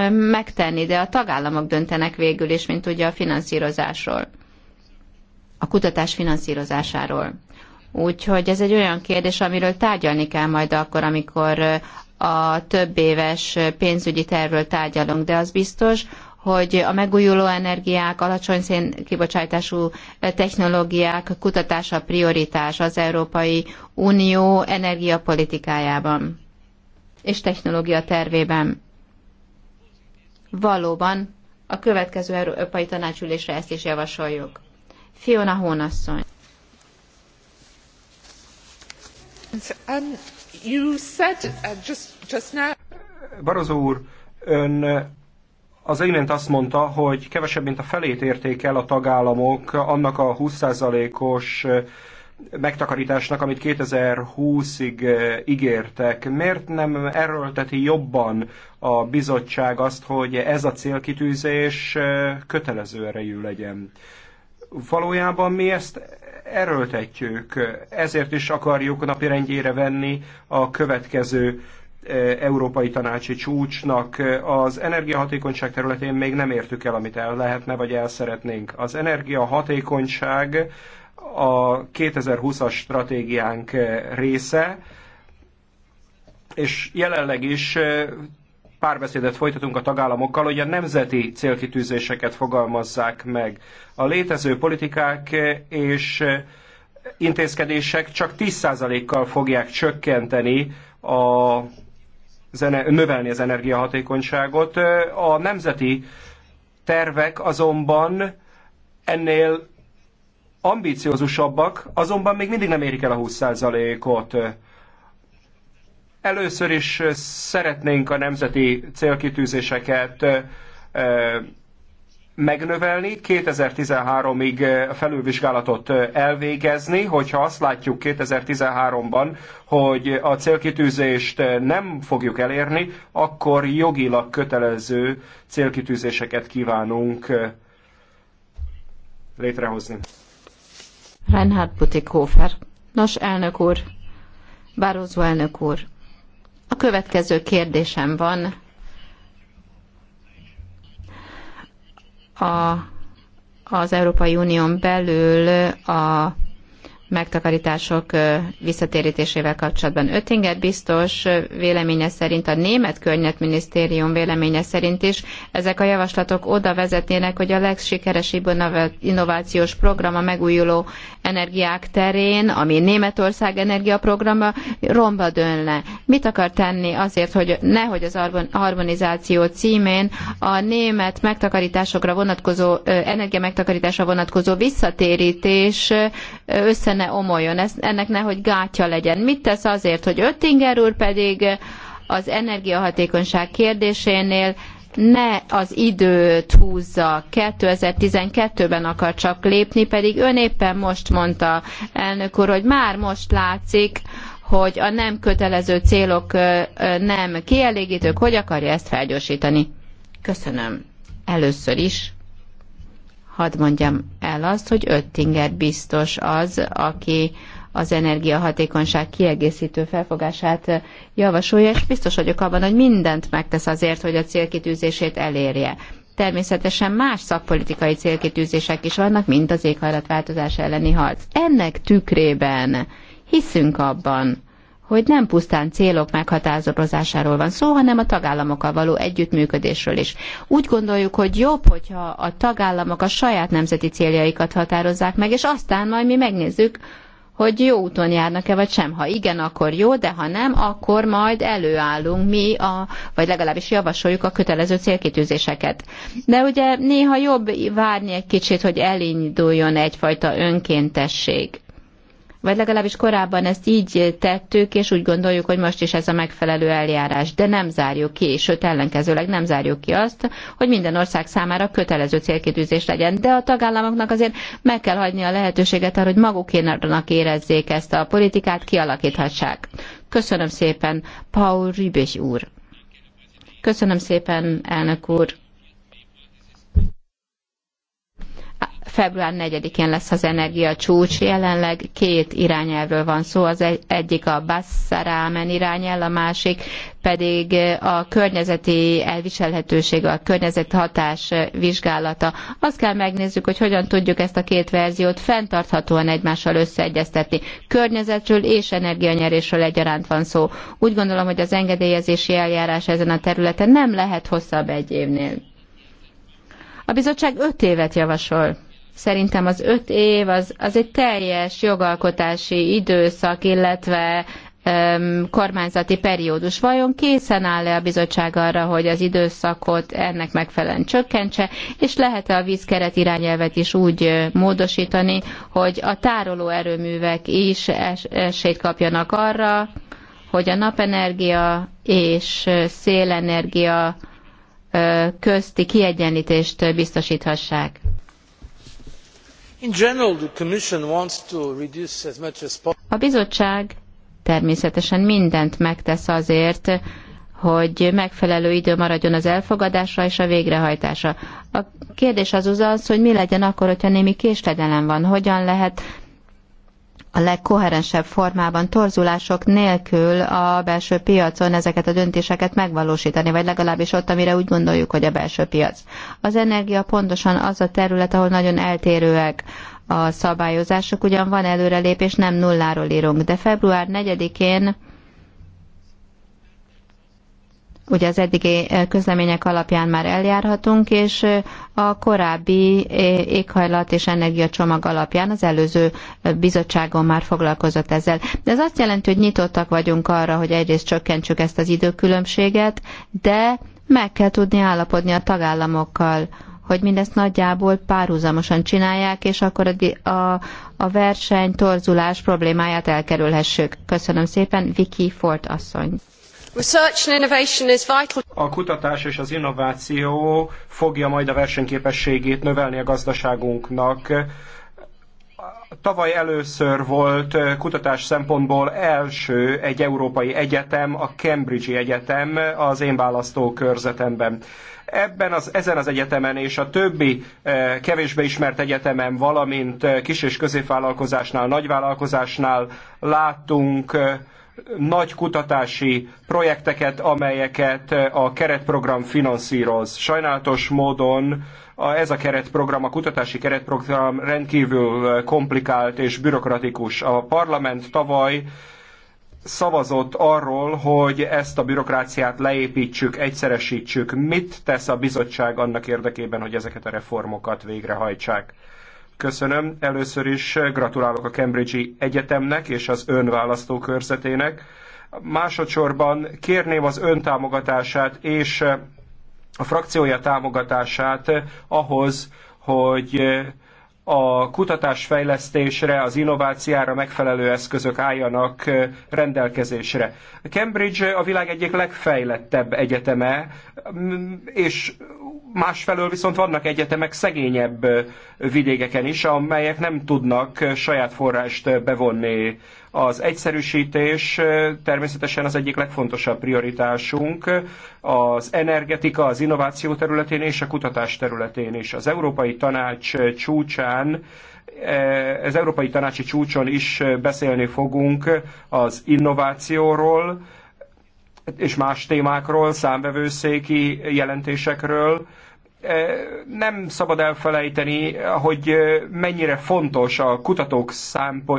megtenni, de a tagállamok döntenek végül is, mint ugye a finanszírozásról, a kutatás finanszírozásáról. Úgyhogy ez egy olyan kérdés, amiről tárgyalni kell majd akkor, amikor a több éves pénzügyi tervről tárgyalunk, de az biztos, hogy a megújuló energiák, alacsony szénkibocsátású eh, technológiák kutatása prioritás az Európai Unió energiapolitikájában és technológia tervében. Valóban a következő Európai Tanácsülésre ezt is javasoljuk. Fiona Hónasszony. Uh, Barozó úr, ön az imént azt mondta, hogy kevesebb, mint a felét érték el a tagállamok annak a 20%-os megtakarításnak, amit 2020-ig ígértek. Miért nem erőlteti jobban a bizottság azt, hogy ez a célkitűzés kötelező erejű legyen? Valójában mi ezt erőltetjük, ezért is akarjuk napirendjére venni a következő Eh, Európai Tanácsi Csúcsnak. Az energiahatékonyság területén még nem értük el, amit el lehetne, vagy el szeretnénk. Az energiahatékonyság a 2020-as stratégiánk eh, része, és jelenleg is eh, párbeszédet folytatunk a tagállamokkal, hogy a nemzeti célkitűzéseket fogalmazzák meg. A létező politikák és intézkedések csak 10%-kal fogják csökkenteni a növelni az energiahatékonyságot. A nemzeti tervek azonban ennél ambíciózusabbak, azonban még mindig nem érik el a 20%-ot. Először is szeretnénk a nemzeti célkitűzéseket megnövelni, 2013-ig eh, a felülvizsgálatot eh, elvégezni, hogyha azt látjuk 2013-ban, hogy a célkitűzést eh, nem fogjuk elérni, akkor jogilag kötelező célkitűzéseket kívánunk létrehozni. Reinhard Butikhofer. Nos, elnök úr, Bározó elnök úr, a következő kérdésem van a, az Európai Unión belül a megtakarítások visszatérítésével kapcsolatban. Öttinger biztos véleménye szerint, a német környezetminisztérium véleménye szerint is ezek a javaslatok oda vezetnének, hogy a legsikeresebb innovációs program a megújuló energiák terén, ami Németország energiaprograma, romba dőlne. Mit akar tenni azért, hogy nehogy az harmonizáció címén a német megtakarításokra vonatkozó, megtakarításra vonatkozó visszatérítés össze ne omoljon, ez, ennek nehogy gátja legyen. Mit tesz azért, hogy Öttinger úr pedig az energiahatékonyság kérdésénél ne az időt húzza. 2012-ben akar csak lépni, pedig ön éppen most mondta, elnök úr, hogy már most látszik, hogy a nem kötelező célok nem kielégítők, hogy akarja ezt felgyorsítani. Köszönöm. Először is hadd mondjam el azt, hogy Öttinger biztos az, aki az energiahatékonyság kiegészítő felfogását javasolja, és biztos vagyok abban, hogy mindent megtesz azért, hogy a célkitűzését elérje. Természetesen más szakpolitikai célkitűzések is vannak, mint az éghajlatváltozás elleni harc. Ennek tükrében hiszünk abban, hogy nem pusztán célok meghatározásáról van szó, hanem a tagállamokkal való együttműködésről is. Úgy gondoljuk, hogy jobb, hogyha a tagállamok a saját nemzeti céljaikat határozzák meg, és aztán majd mi megnézzük, hogy jó úton járnak-e, vagy sem. Ha igen, akkor jó, de ha nem, akkor majd előállunk mi, a, vagy legalábbis javasoljuk a kötelező célkitűzéseket. De ugye néha jobb várni egy kicsit, hogy elinduljon egyfajta önkéntesség vagy legalábbis korábban ezt így tettük, és úgy gondoljuk, hogy most is ez a megfelelő eljárás. De nem zárjuk ki, sőt ellenkezőleg nem zárjuk ki azt, hogy minden ország számára kötelező célkitűzés legyen. De a tagállamoknak azért meg kell hagyni a lehetőséget arra, hogy magukénak érezzék ezt a politikát, kialakíthassák. Köszönöm szépen, Paul Rübés úr. Köszönöm szépen, elnök úr. Február 4-én lesz az energiacsúcs, jelenleg két irányelvről van szó, az egy, egyik a Bassarámen irányel, a másik pedig a környezeti elviselhetőség, a környezeti hatás vizsgálata. Azt kell megnézzük, hogy hogyan tudjuk ezt a két verziót fenntarthatóan egymással összeegyeztetni. Környezetről és energianyerésről egyaránt van szó. Úgy gondolom, hogy az engedélyezési eljárás ezen a területen nem lehet hosszabb egy évnél. A bizottság öt évet javasol. Szerintem az öt év az, az egy teljes jogalkotási időszak, illetve um, kormányzati periódus. Vajon készen áll-e a bizottság arra, hogy az időszakot ennek megfelelően csökkentse, és lehet-e a vízkeret irányelvet is úgy módosítani, hogy a tároló erőművek is es- esélyt kapjanak arra, hogy a napenergia és szélenergia közti kiegyenlítést biztosíthassák. A bizottság természetesen mindent megtesz azért, hogy megfelelő idő maradjon az elfogadásra és a végrehajtásra. A kérdés az az, hogy mi legyen akkor, hogyha némi késledelem van, hogyan lehet a legkoherensebb formában torzulások nélkül a belső piacon ezeket a döntéseket megvalósítani, vagy legalábbis ott, amire úgy gondoljuk, hogy a belső piac. Az energia pontosan az a terület, ahol nagyon eltérőek a szabályozások, ugyan van előrelépés, nem nulláról írunk, de február 4-én ugye az eddigi eh, közlemények alapján már eljárhatunk, és eh, a korábbi eh, éghajlat és energiacsomag alapján az előző bizottságon már foglalkozott ezzel. De ez azt jelenti, hogy nyitottak vagyunk arra, hogy egyrészt csökkentsük ezt az időkülönbséget, de meg kell tudni állapodni a tagállamokkal, hogy mindezt nagyjából párhuzamosan csinálják, és akkor a, a, a verseny torzulás problémáját elkerülhessük. Köszönöm szépen, Vicky Ford asszony. A kutatás és az innováció fogja majd a versenyképességét növelni a gazdaságunknak. Tavaly először volt kutatás szempontból első egy európai egyetem, a Cambridge Egyetem az én választókörzetemben. Ebben az, ezen az egyetemen és a többi eh, kevésbé ismert egyetemen, valamint eh, kis- és középvállalkozásnál, nagyvállalkozásnál láttunk eh, nagy kutatási projekteket, amelyeket eh, a keretprogram finanszíroz. Sajnálatos módon ez a keretprogram, a kutatási keretprogram rendkívül eh, komplikált és bürokratikus. A parlament tavaly szavazott arról, hogy ezt a bürokráciát leépítsük, egyszeresítsük. Mit tesz a bizottság annak érdekében, hogy ezeket a reformokat végrehajtsák? Köszönöm. Először is gratulálok a Cambridge-i Egyetemnek és az ön választókörzetének. Másodszorban kérném az ön támogatását és a frakciója támogatását ahhoz, hogy a kutatásfejlesztésre, az innovációra megfelelő eszközök álljanak rendelkezésre. Cambridge a világ egyik legfejlettebb egyeteme, mm, és másfelől viszont vannak egyetemek szegényebb vidékeken is, amelyek nem tudnak saját forrást bevonni az egyszerűsítés természetesen az egyik legfontosabb prioritásunk az energetika, az innováció területén és a kutatás területén is. Az Európai Tanács csúcsán az Európai Tanácsi csúcson is beszélni fogunk az innovációról és más témákról, számvevőszéki jelentésekről, nem szabad elfelejteni, hogy mennyire fontos a kutatók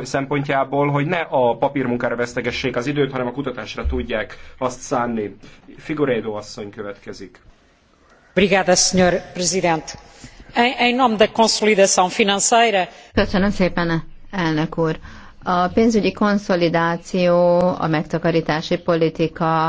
szempontjából, hogy ne a papírmunkára vesztegessék az időt, hanem a kutatásra tudják azt szánni. Figurédo asszony következik. Brigada, consolidação financeira. Köszönöm szépen, elnök úr. A pénzügyi konszolidáció, a megtakarítási politika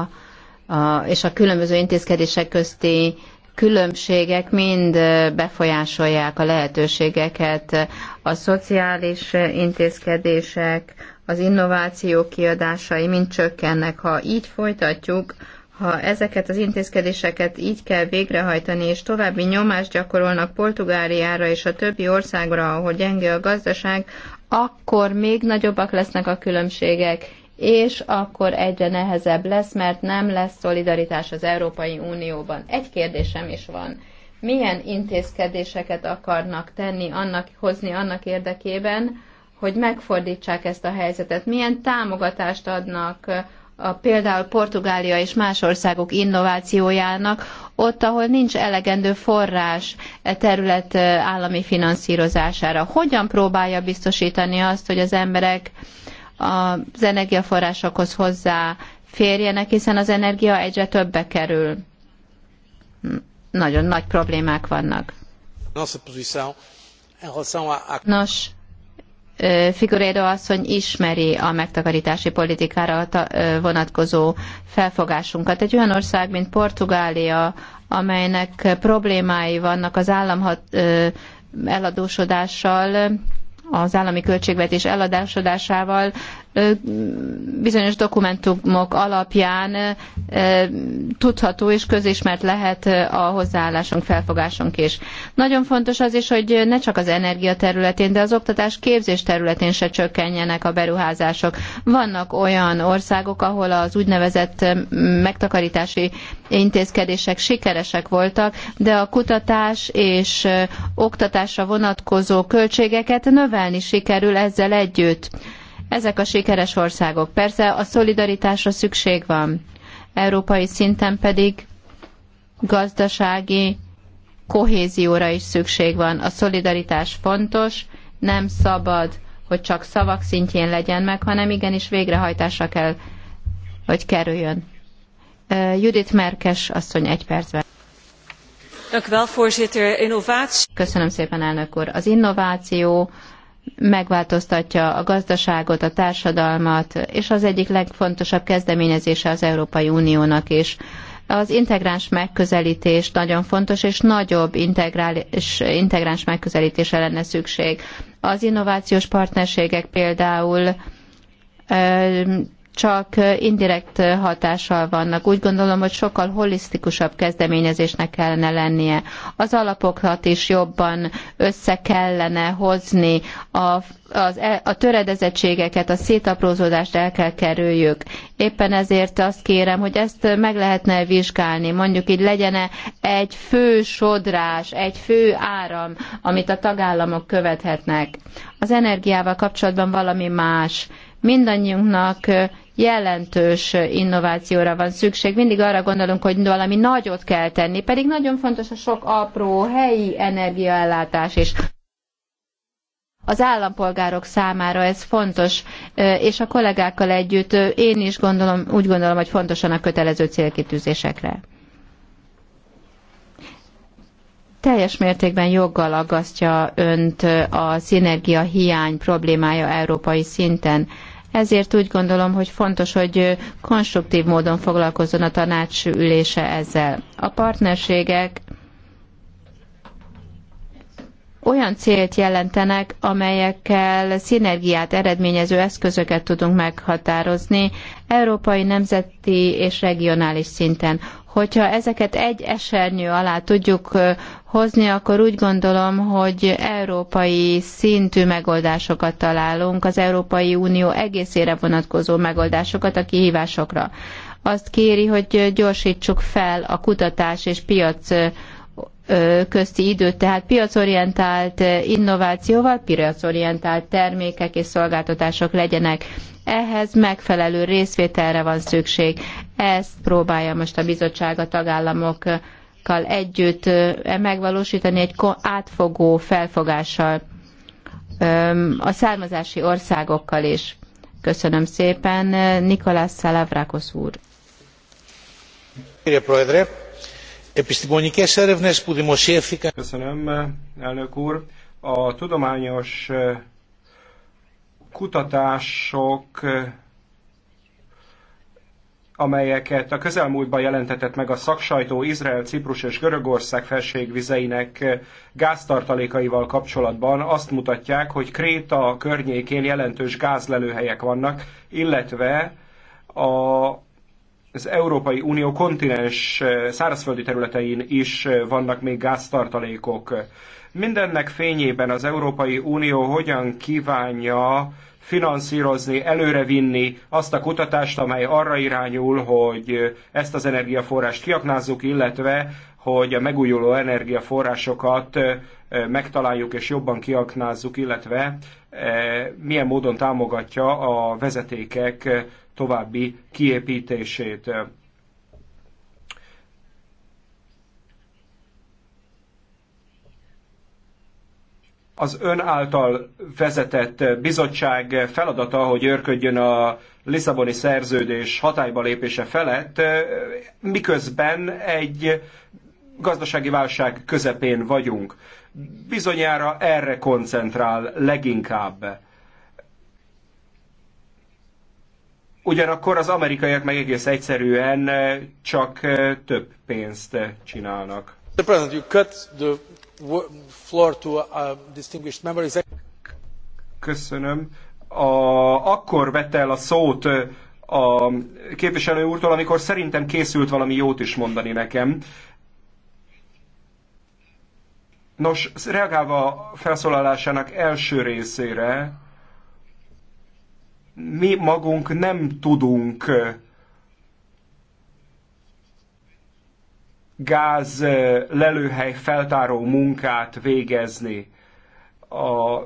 a, és a különböző intézkedések közti különbségek mind befolyásolják a lehetőségeket, a szociális intézkedések, az innováció kiadásai mind csökkennek. Ha így folytatjuk, ha ezeket az intézkedéseket így kell végrehajtani, és további nyomást gyakorolnak Portugáliára és a többi országra, ahol gyenge a gazdaság, akkor még nagyobbak lesznek a különbségek, és akkor egyre nehezebb lesz, mert nem lesz szolidaritás az Európai Unióban. Egy kérdésem is van. Milyen intézkedéseket akarnak tenni, annak, hozni annak érdekében, hogy megfordítsák ezt a helyzetet? Milyen támogatást adnak a, például Portugália és más országok innovációjának, ott, ahol nincs elegendő forrás e terület állami finanszírozására. Hogyan próbálja biztosítani azt, hogy az emberek az energiaforrásokhoz hozzá férjenek, hiszen az energia egyre többe kerül. Nagyon nagy problémák vannak. Nos, Figurédo asszony ismeri a megtakarítási politikára vonatkozó felfogásunkat. Egy olyan ország, mint Portugália, amelynek problémái vannak az állam eladósodással, az állami költségvetés eladásodásával bizonyos dokumentumok alapján tudható és közismert lehet a hozzáállásunk, felfogásunk is. Nagyon fontos az is, hogy ne csak az energia területén, de az oktatás képzés területén se csökkenjenek a beruházások. Vannak olyan országok, ahol az úgynevezett megtakarítási intézkedések sikeresek voltak, de a kutatás és oktatásra vonatkozó költségeket növelni sikerül ezzel együtt. Ezek a sikeres országok. Persze a szolidaritásra szükség van. Európai szinten pedig gazdasági kohézióra is szükség van. A szolidaritás fontos, nem szabad, hogy csak szavak szintjén legyen meg, hanem igenis végrehajtásra kell, hogy kerüljön. Judit Merkes asszony egy percben. Köszönöm szépen, elnök úr. Az innováció megváltoztatja a gazdaságot, a társadalmat, és az egyik legfontosabb kezdeményezése az Európai Uniónak is. Az integráns megközelítés nagyon fontos, és nagyobb integrális, integráns megközelítésre lenne szükség. Az innovációs partnerségek például csak indirekt hatással vannak. Úgy gondolom, hogy sokkal holisztikusabb kezdeményezésnek kellene lennie. Az alapokat is jobban össze kellene hozni, a, az, e, a töredezettségeket, a szétaprózódást el kell kerüljük. Éppen ezért azt kérem, hogy ezt meg lehetne vizsgálni. Mondjuk így legyene egy fő sodrás, egy fő áram, amit a tagállamok követhetnek. Az energiával kapcsolatban valami más mindannyiunknak jelentős innovációra van szükség. Mindig arra gondolunk, hogy valami nagyot kell tenni, pedig nagyon fontos a sok apró helyi energiaellátás is. Az állampolgárok számára ez fontos, és a kollégákkal együtt én is gondolom, úgy gondolom, hogy fontosan a kötelező célkitűzésekre. teljes mértékben joggal aggasztja önt a szinergia hiány problémája európai szinten. Ezért úgy gondolom, hogy fontos, hogy konstruktív módon foglalkozzon a tanács ülése ezzel. A partnerségek olyan célt jelentenek, amelyekkel szinergiát eredményező eszközöket tudunk meghatározni európai, nemzeti és regionális szinten. Hogyha ezeket egy esernyő alá tudjuk hozni, akkor úgy gondolom, hogy európai szintű megoldásokat találunk, az Európai Unió egészére vonatkozó megoldásokat a kihívásokra. Azt kéri, hogy gyorsítsuk fel a kutatás és piac közti időt, tehát piacorientált innovációval, piacorientált termékek és szolgáltatások legyenek. Ehhez megfelelő részvételre van szükség. Ezt próbálja most a bizottság a tagállamokkal együtt megvalósítani egy átfogó felfogással a származási országokkal is. Köszönöm szépen, Nikolász Szalavrákos úr. Köszönöm, elnök úr. A tudományos kutatások, amelyeket a közelmúltban jelentetett meg a szaksajtó Izrael, Ciprus és Görögország felségvizeinek gáztartalékaival kapcsolatban azt mutatják, hogy Kréta környékén jelentős gázlelőhelyek vannak, illetve a az Európai Unió kontinens eh, szárazföldi területein is eh, vannak még gáztartalékok. Mindennek fényében az Európai Unió hogyan kívánja finanszírozni, előrevinni azt a kutatást, amely arra irányul, hogy eh, ezt az energiaforrást kiaknázzuk, illetve hogy a megújuló energiaforrásokat megtaláljuk és jobban kiaknázzuk, illetve milyen módon támogatja a vezetékek további kiépítését. az ön által vezetett bizottság feladata, hogy őrködjön a Lisszaboni szerződés hatályba lépése felett, miközben egy gazdasági válság közepén vagyunk. Bizonyára erre koncentrál leginkább. Ugyanakkor az amerikaiak meg egész egyszerűen csak több pénzt csinálnak. Mr. President, you cut the floor to a distinguished member. Köszönöm. A, akkor vette el a szót a képviselő úrtól, amikor szerintem készült valami jót is mondani nekem. Nos, reagálva felszólalásának első részére, mi magunk nem tudunk gáz lelőhely feltáró munkát végezni. A,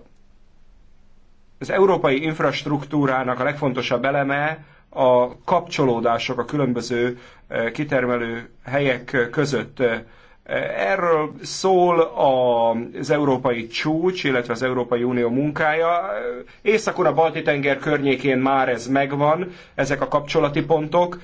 az európai infrastruktúrának a legfontosabb eleme a kapcsolódások a különböző kitermelő helyek között Erről szól az európai csúcs, illetve az Európai Unió munkája. Északon a Balti-tenger környékén már ez megvan, ezek a kapcsolati pontok.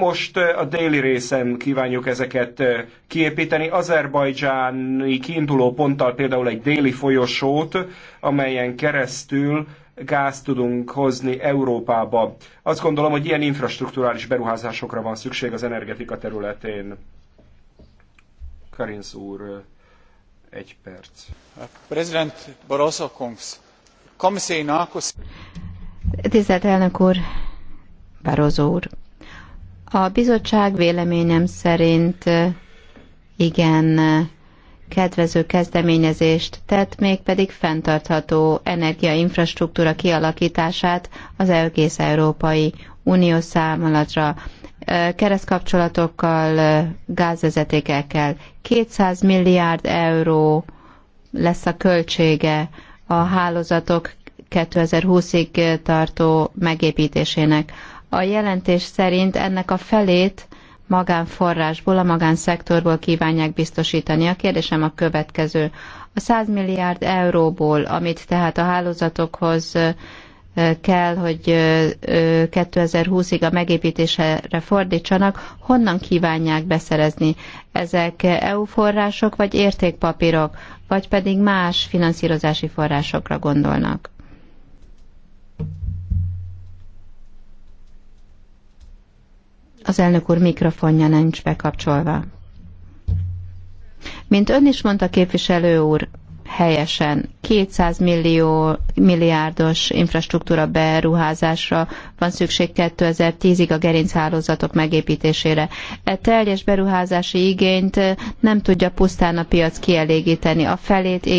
Most a déli részen kívánjuk ezeket kiépíteni. Azerbajdzsáni kiinduló ponttal például egy déli folyosót, amelyen keresztül gáz tudunk hozni Európába. Azt gondolom, hogy ilyen infrastruktúrális beruházásokra van szükség az energetika területén. Karinz úr, egy perc. President Barroso Kongs, komisszénákos... Tisztelt elnök úr, Barroso úr, a bizottság véleményem szerint igen kedvező kezdeményezést tett, mégpedig fenntartható energiainfrastruktúra kialakítását az egész Európai Unió számalatra keresztkapcsolatokkal, gázvezetékekkel. 200 milliárd euró lesz a költsége a hálózatok 2020-ig tartó megépítésének. A jelentés szerint ennek a felét magánforrásból, a magánszektorból kívánják biztosítani. A kérdésem a következő. A 100 milliárd euróból, amit tehát a hálózatokhoz kell, hogy 2020-ig a megépítésre fordítsanak, honnan kívánják beszerezni? Ezek EU források, vagy értékpapírok, vagy pedig más finanszírozási forrásokra gondolnak? Az elnök úr mikrofonja nincs bekapcsolva. Mint ön is mondta, képviselő úr, helyesen. 200 millió, milliárdos infrastruktúra beruházásra van szükség 2010-ig a gerinchálózatok megépítésére. E teljes beruházási igényt e, nem tudja pusztán a piac kielégíteni. A felét,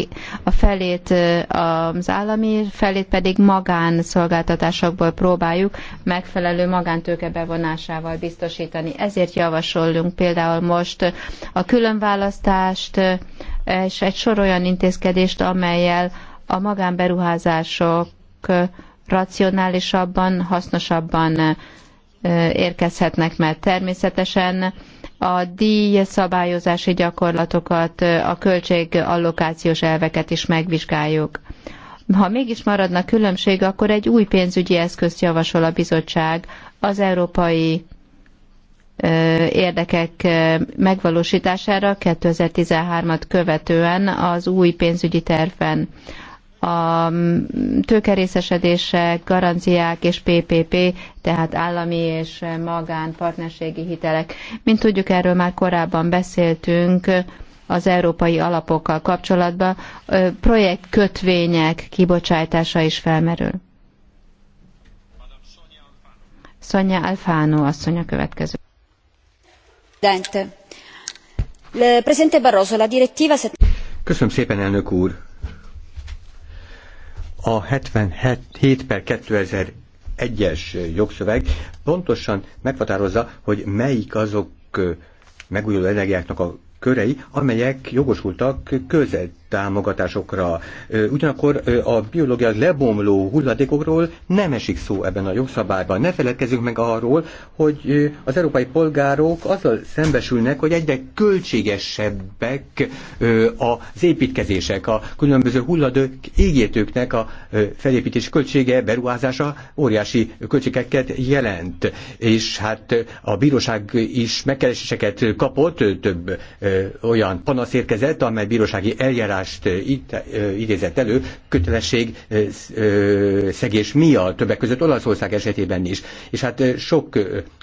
a felét e, az állami, felét pedig magán szolgáltatásokból próbáljuk megfelelő magántőke bevonásával biztosítani. Ezért javasolunk például most a különválasztást, és egy sor olyan intézkedést, amelyel a magánberuházások racionálisabban, hasznosabban érkezhetnek, mert természetesen a díj szabályozási gyakorlatokat, a költségallokációs elveket is megvizsgáljuk. Ha mégis maradna különbség, akkor egy új pénzügyi eszközt javasol a bizottság az európai érdekek megvalósítására 2013-at követően az új pénzügyi terven a tőkerészesedések, garanciák és PPP, tehát állami és magán partnerségi hitelek. Mint tudjuk, erről már korábban beszéltünk az európai alapokkal kapcsolatban, projektkötvények kibocsátása is felmerül. Szonya Alfano asszony a következő presidente barroso la direttiva. köszönöm szépen elnök úr a seventy per es jogszöveg pontosan meghatározza hogy melyik azok megújuló energiáknak a körei, amelyek jogosultak közel támogatásokra. Ugyanakkor a biológia lebomló hulladékokról nem esik szó ebben a jogszabályban. Ne feledkezzünk meg arról, hogy az európai polgárok azzal szembesülnek, hogy egyre költségesebbek az építkezések, a különböző hulladék égétőknek a felépítés költsége, beruházása óriási költségeket jelent. És hát a bíróság is megkereséseket kapott, több olyan panasz érkezett, amely bírósági eljárást idézett elő kötelesség szegés miatt, többek között Olaszország esetében is. És hát sok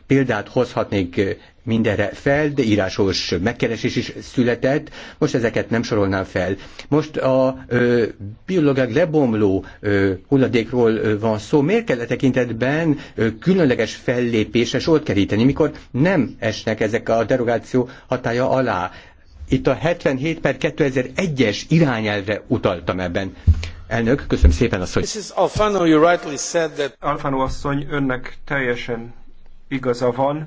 példát hozhatnék mindenre fel, de írásos megkeresés is született, most ezeket nem sorolnám fel. Most a ö, biológiák lebomló ö, hulladékról ö, van szó, miért kell e tekintetben ö, különleges fellépésre sort keríteni, mikor nem esnek ezek a derogáció hatája alá? Itt a 77 per 2001-es irányelvre utaltam ebben. Elnök, köszönöm szépen azt, hogy... Alfano, you rightly said that... Alfano asszony, önnek teljesen igaza van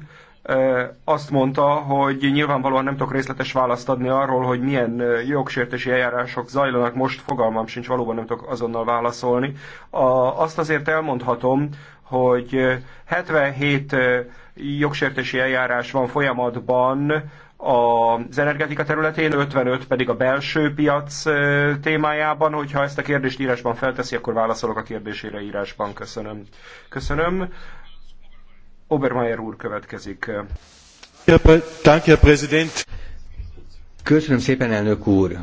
azt mondta, hogy nyilvánvalóan nem tudok részletes választ adni arról, hogy milyen jogsértési eljárások zajlanak most, fogalmam sincs, valóban nem tudok azonnal válaszolni. Azt azért elmondhatom, hogy 77 jogsértési eljárás van folyamatban az energetika területén, 55 pedig a belső piac témájában. Hogyha ezt a kérdést írásban felteszi, akkor válaszolok a kérdésére írásban. Köszönöm. Köszönöm. Obermeier úr következik. Köszönöm szépen, elnök úr!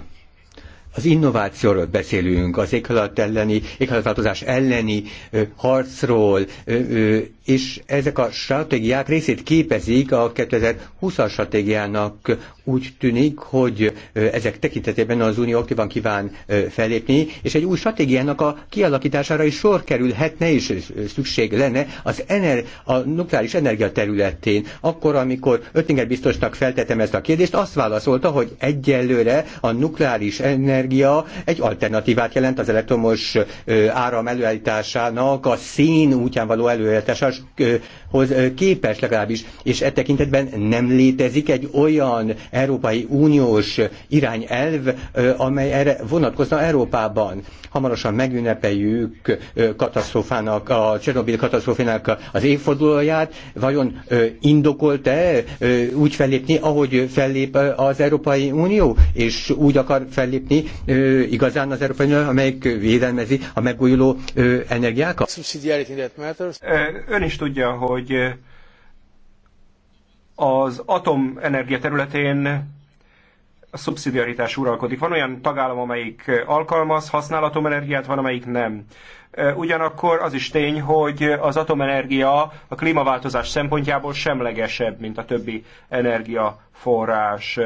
Az innovációról beszélünk, az éghajlat elleni, éghajlatváltozás elleni ö, harcról, ö, ö, és ezek a stratégiák részét képezik a 2020-as stratégiának úgy tűnik, hogy ezek tekintetében az Unió aktívan kíván fellépni, és egy új stratégiának a kialakítására is sor kerülhetne, és szükség lenne az ener, a nukleáris energia területén. Akkor, amikor Öttinger biztosnak feltettem ezt a kérdést, azt válaszolta, hogy egyelőre a nukleáris energia egy alternatívát jelent az elektromos áram előállításának, a szín útján való előállításához képes legalábbis, és e tekintetben nem létezik egy olyan Európai Uniós irányelv, amely erre vonatkozna Európában. Hamarosan megünnepeljük katasztrófának, a Csernobil katasztrófának az évfordulóját. Vajon indokolt-e úgy fellépni, ahogy fellép az Európai Unió, és úgy akar fellépni igazán az Európai Unió, amelyik védelmezi a megújuló energiákat? Ön is tudja, hogy az atomenergia területén a szubszidiaritás uralkodik. Van olyan tagállam, amelyik alkalmaz, használ atomenergiát, van, amelyik nem. Ugyanakkor az is tény, hogy az atomenergia a klímaváltozás szempontjából semlegesebb, mint a többi energiaforrás.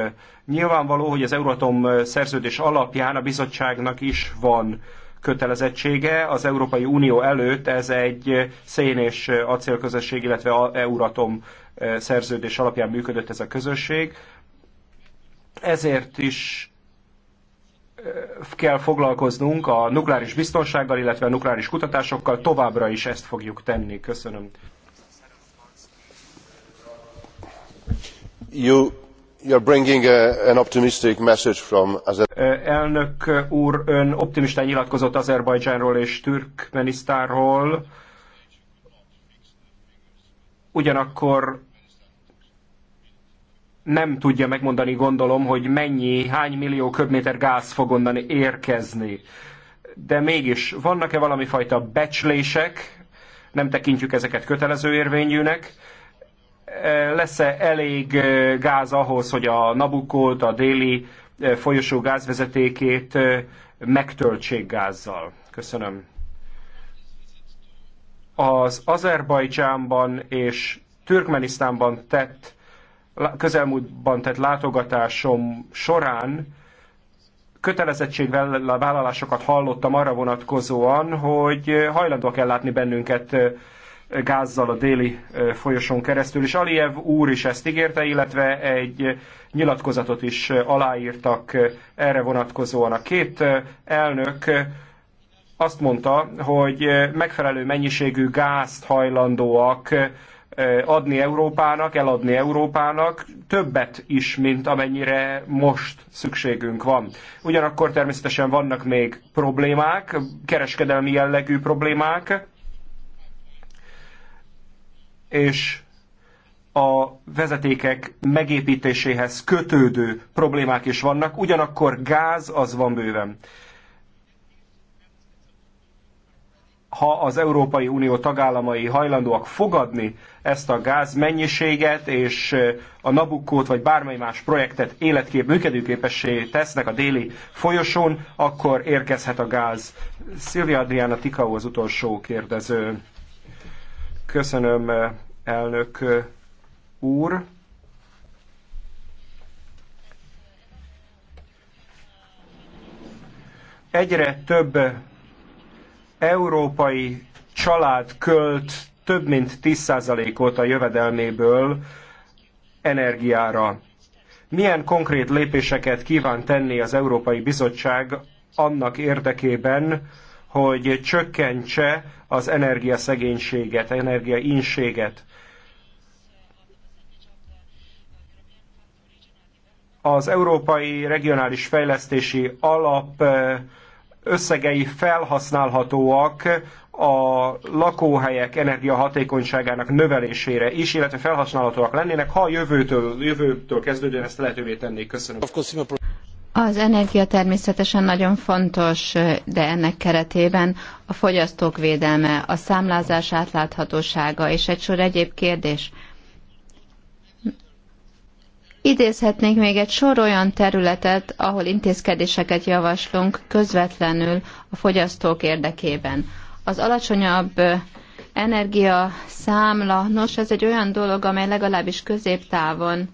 Nyilvánvaló, hogy az Euratom szerződés alapján a bizottságnak is van kötelezettsége. Az Európai Unió előtt ez egy szén és acélközösség, illetve Euratom szerződés alapján működött ez a közösség. Ezért is kell foglalkoznunk a nukleáris biztonsággal, illetve a nukleáris kutatásokkal, továbbra is ezt fogjuk tenni. Köszönöm. You, you're bringing a, an optimistic message from Elnök úr, ön optimistán nyilatkozott Azerbajdzsánról és Türkmenisztánról. Ugyanakkor nem tudja megmondani, gondolom, hogy mennyi, hány millió köbméter gáz fog onnan érkezni. De mégis, vannak-e valami fajta becslések, nem tekintjük ezeket kötelező érvényűnek, e, lesz-e elég e, gáz ahhoz, hogy a Nabukolt, a déli e, folyosó gázvezetékét megtöltsék gázzal? Köszönöm. Az Azerbajdzsánban és Türkmenisztánban tett közelmúltban tett látogatásom során kötelezettségvel vállalásokat hallottam arra vonatkozóan, hogy hajlandóak ellátni bennünket gázzal a déli folyosón keresztül, és Aliyev úr is ezt ígérte, illetve egy nyilatkozatot is aláírtak erre vonatkozóan. A két elnök azt mondta, hogy megfelelő mennyiségű gázt hajlandóak Eh, adni Európának, eladni Európának többet is, mint amennyire most szükségünk van. Ugyanakkor természetesen vannak még problémák, kereskedelmi jellegű problémák, és a vezetékek megépítéséhez kötődő problémák is vannak, ugyanakkor gáz az van bőven. ha az Európai Unió tagállamai hajlandóak fogadni ezt a gázmennyiséget, és a Nabukkót vagy bármely más projektet életkép, működőképessé tesznek a déli folyosón, akkor érkezhet a gáz. Szilvia Adriana Tikau az utolsó kérdező. Köszönöm, elnök úr. Egyre több európai család költ több mint 10%-ot a jövedelméből energiára. Milyen konkrét lépéseket kíván tenni az Európai Bizottság annak érdekében, hogy csökkentse az energiaszegénységet, energiainséget? Az Európai Regionális Fejlesztési Alap eh, összegei felhasználhatóak a lakóhelyek energiahatékonyságának növelésére is, illetve felhasználhatóak lennének, ha a jövőtől, jövőtől kezdődően ezt lehetővé tennék. Köszönöm. Az energia természetesen nagyon fontos, de ennek keretében a fogyasztók védelme, a számlázás átláthatósága és egy sor egyéb kérdés Idézhetnénk még egy sor olyan területet, ahol intézkedéseket javaslunk közvetlenül a fogyasztók érdekében. Az alacsonyabb energia számla, nos, ez egy olyan dolog, amely legalábbis középtávon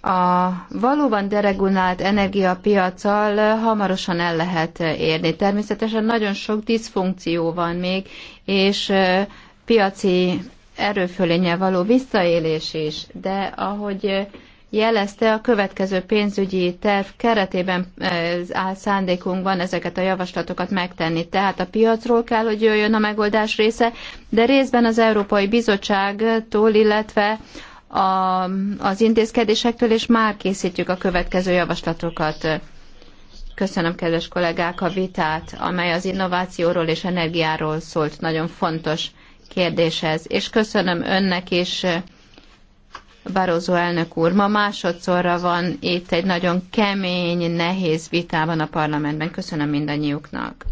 a valóban deregulált energiapiacsal hamarosan el lehet érni. Természetesen nagyon sok diszfunkció van még, és piaci erőfölénnyel való visszaélés is, de ahogy jelezte, a következő pénzügyi terv keretében eh, áll van ezeket a javaslatokat megtenni. Tehát a piacról kell, hogy jöjjön a megoldás része, de részben az Európai Bizottságtól, illetve a, az intézkedésektől, és már készítjük a következő javaslatokat. Köszönöm, kedves kollégák, a vitát, amely az innovációról és energiáról szólt. Nagyon fontos kérdéshez, és köszönöm önnek is, Barozó elnök úr. Ma másodszorra van itt egy nagyon kemény, nehéz vitában a parlamentben. Köszönöm mindannyiuknak.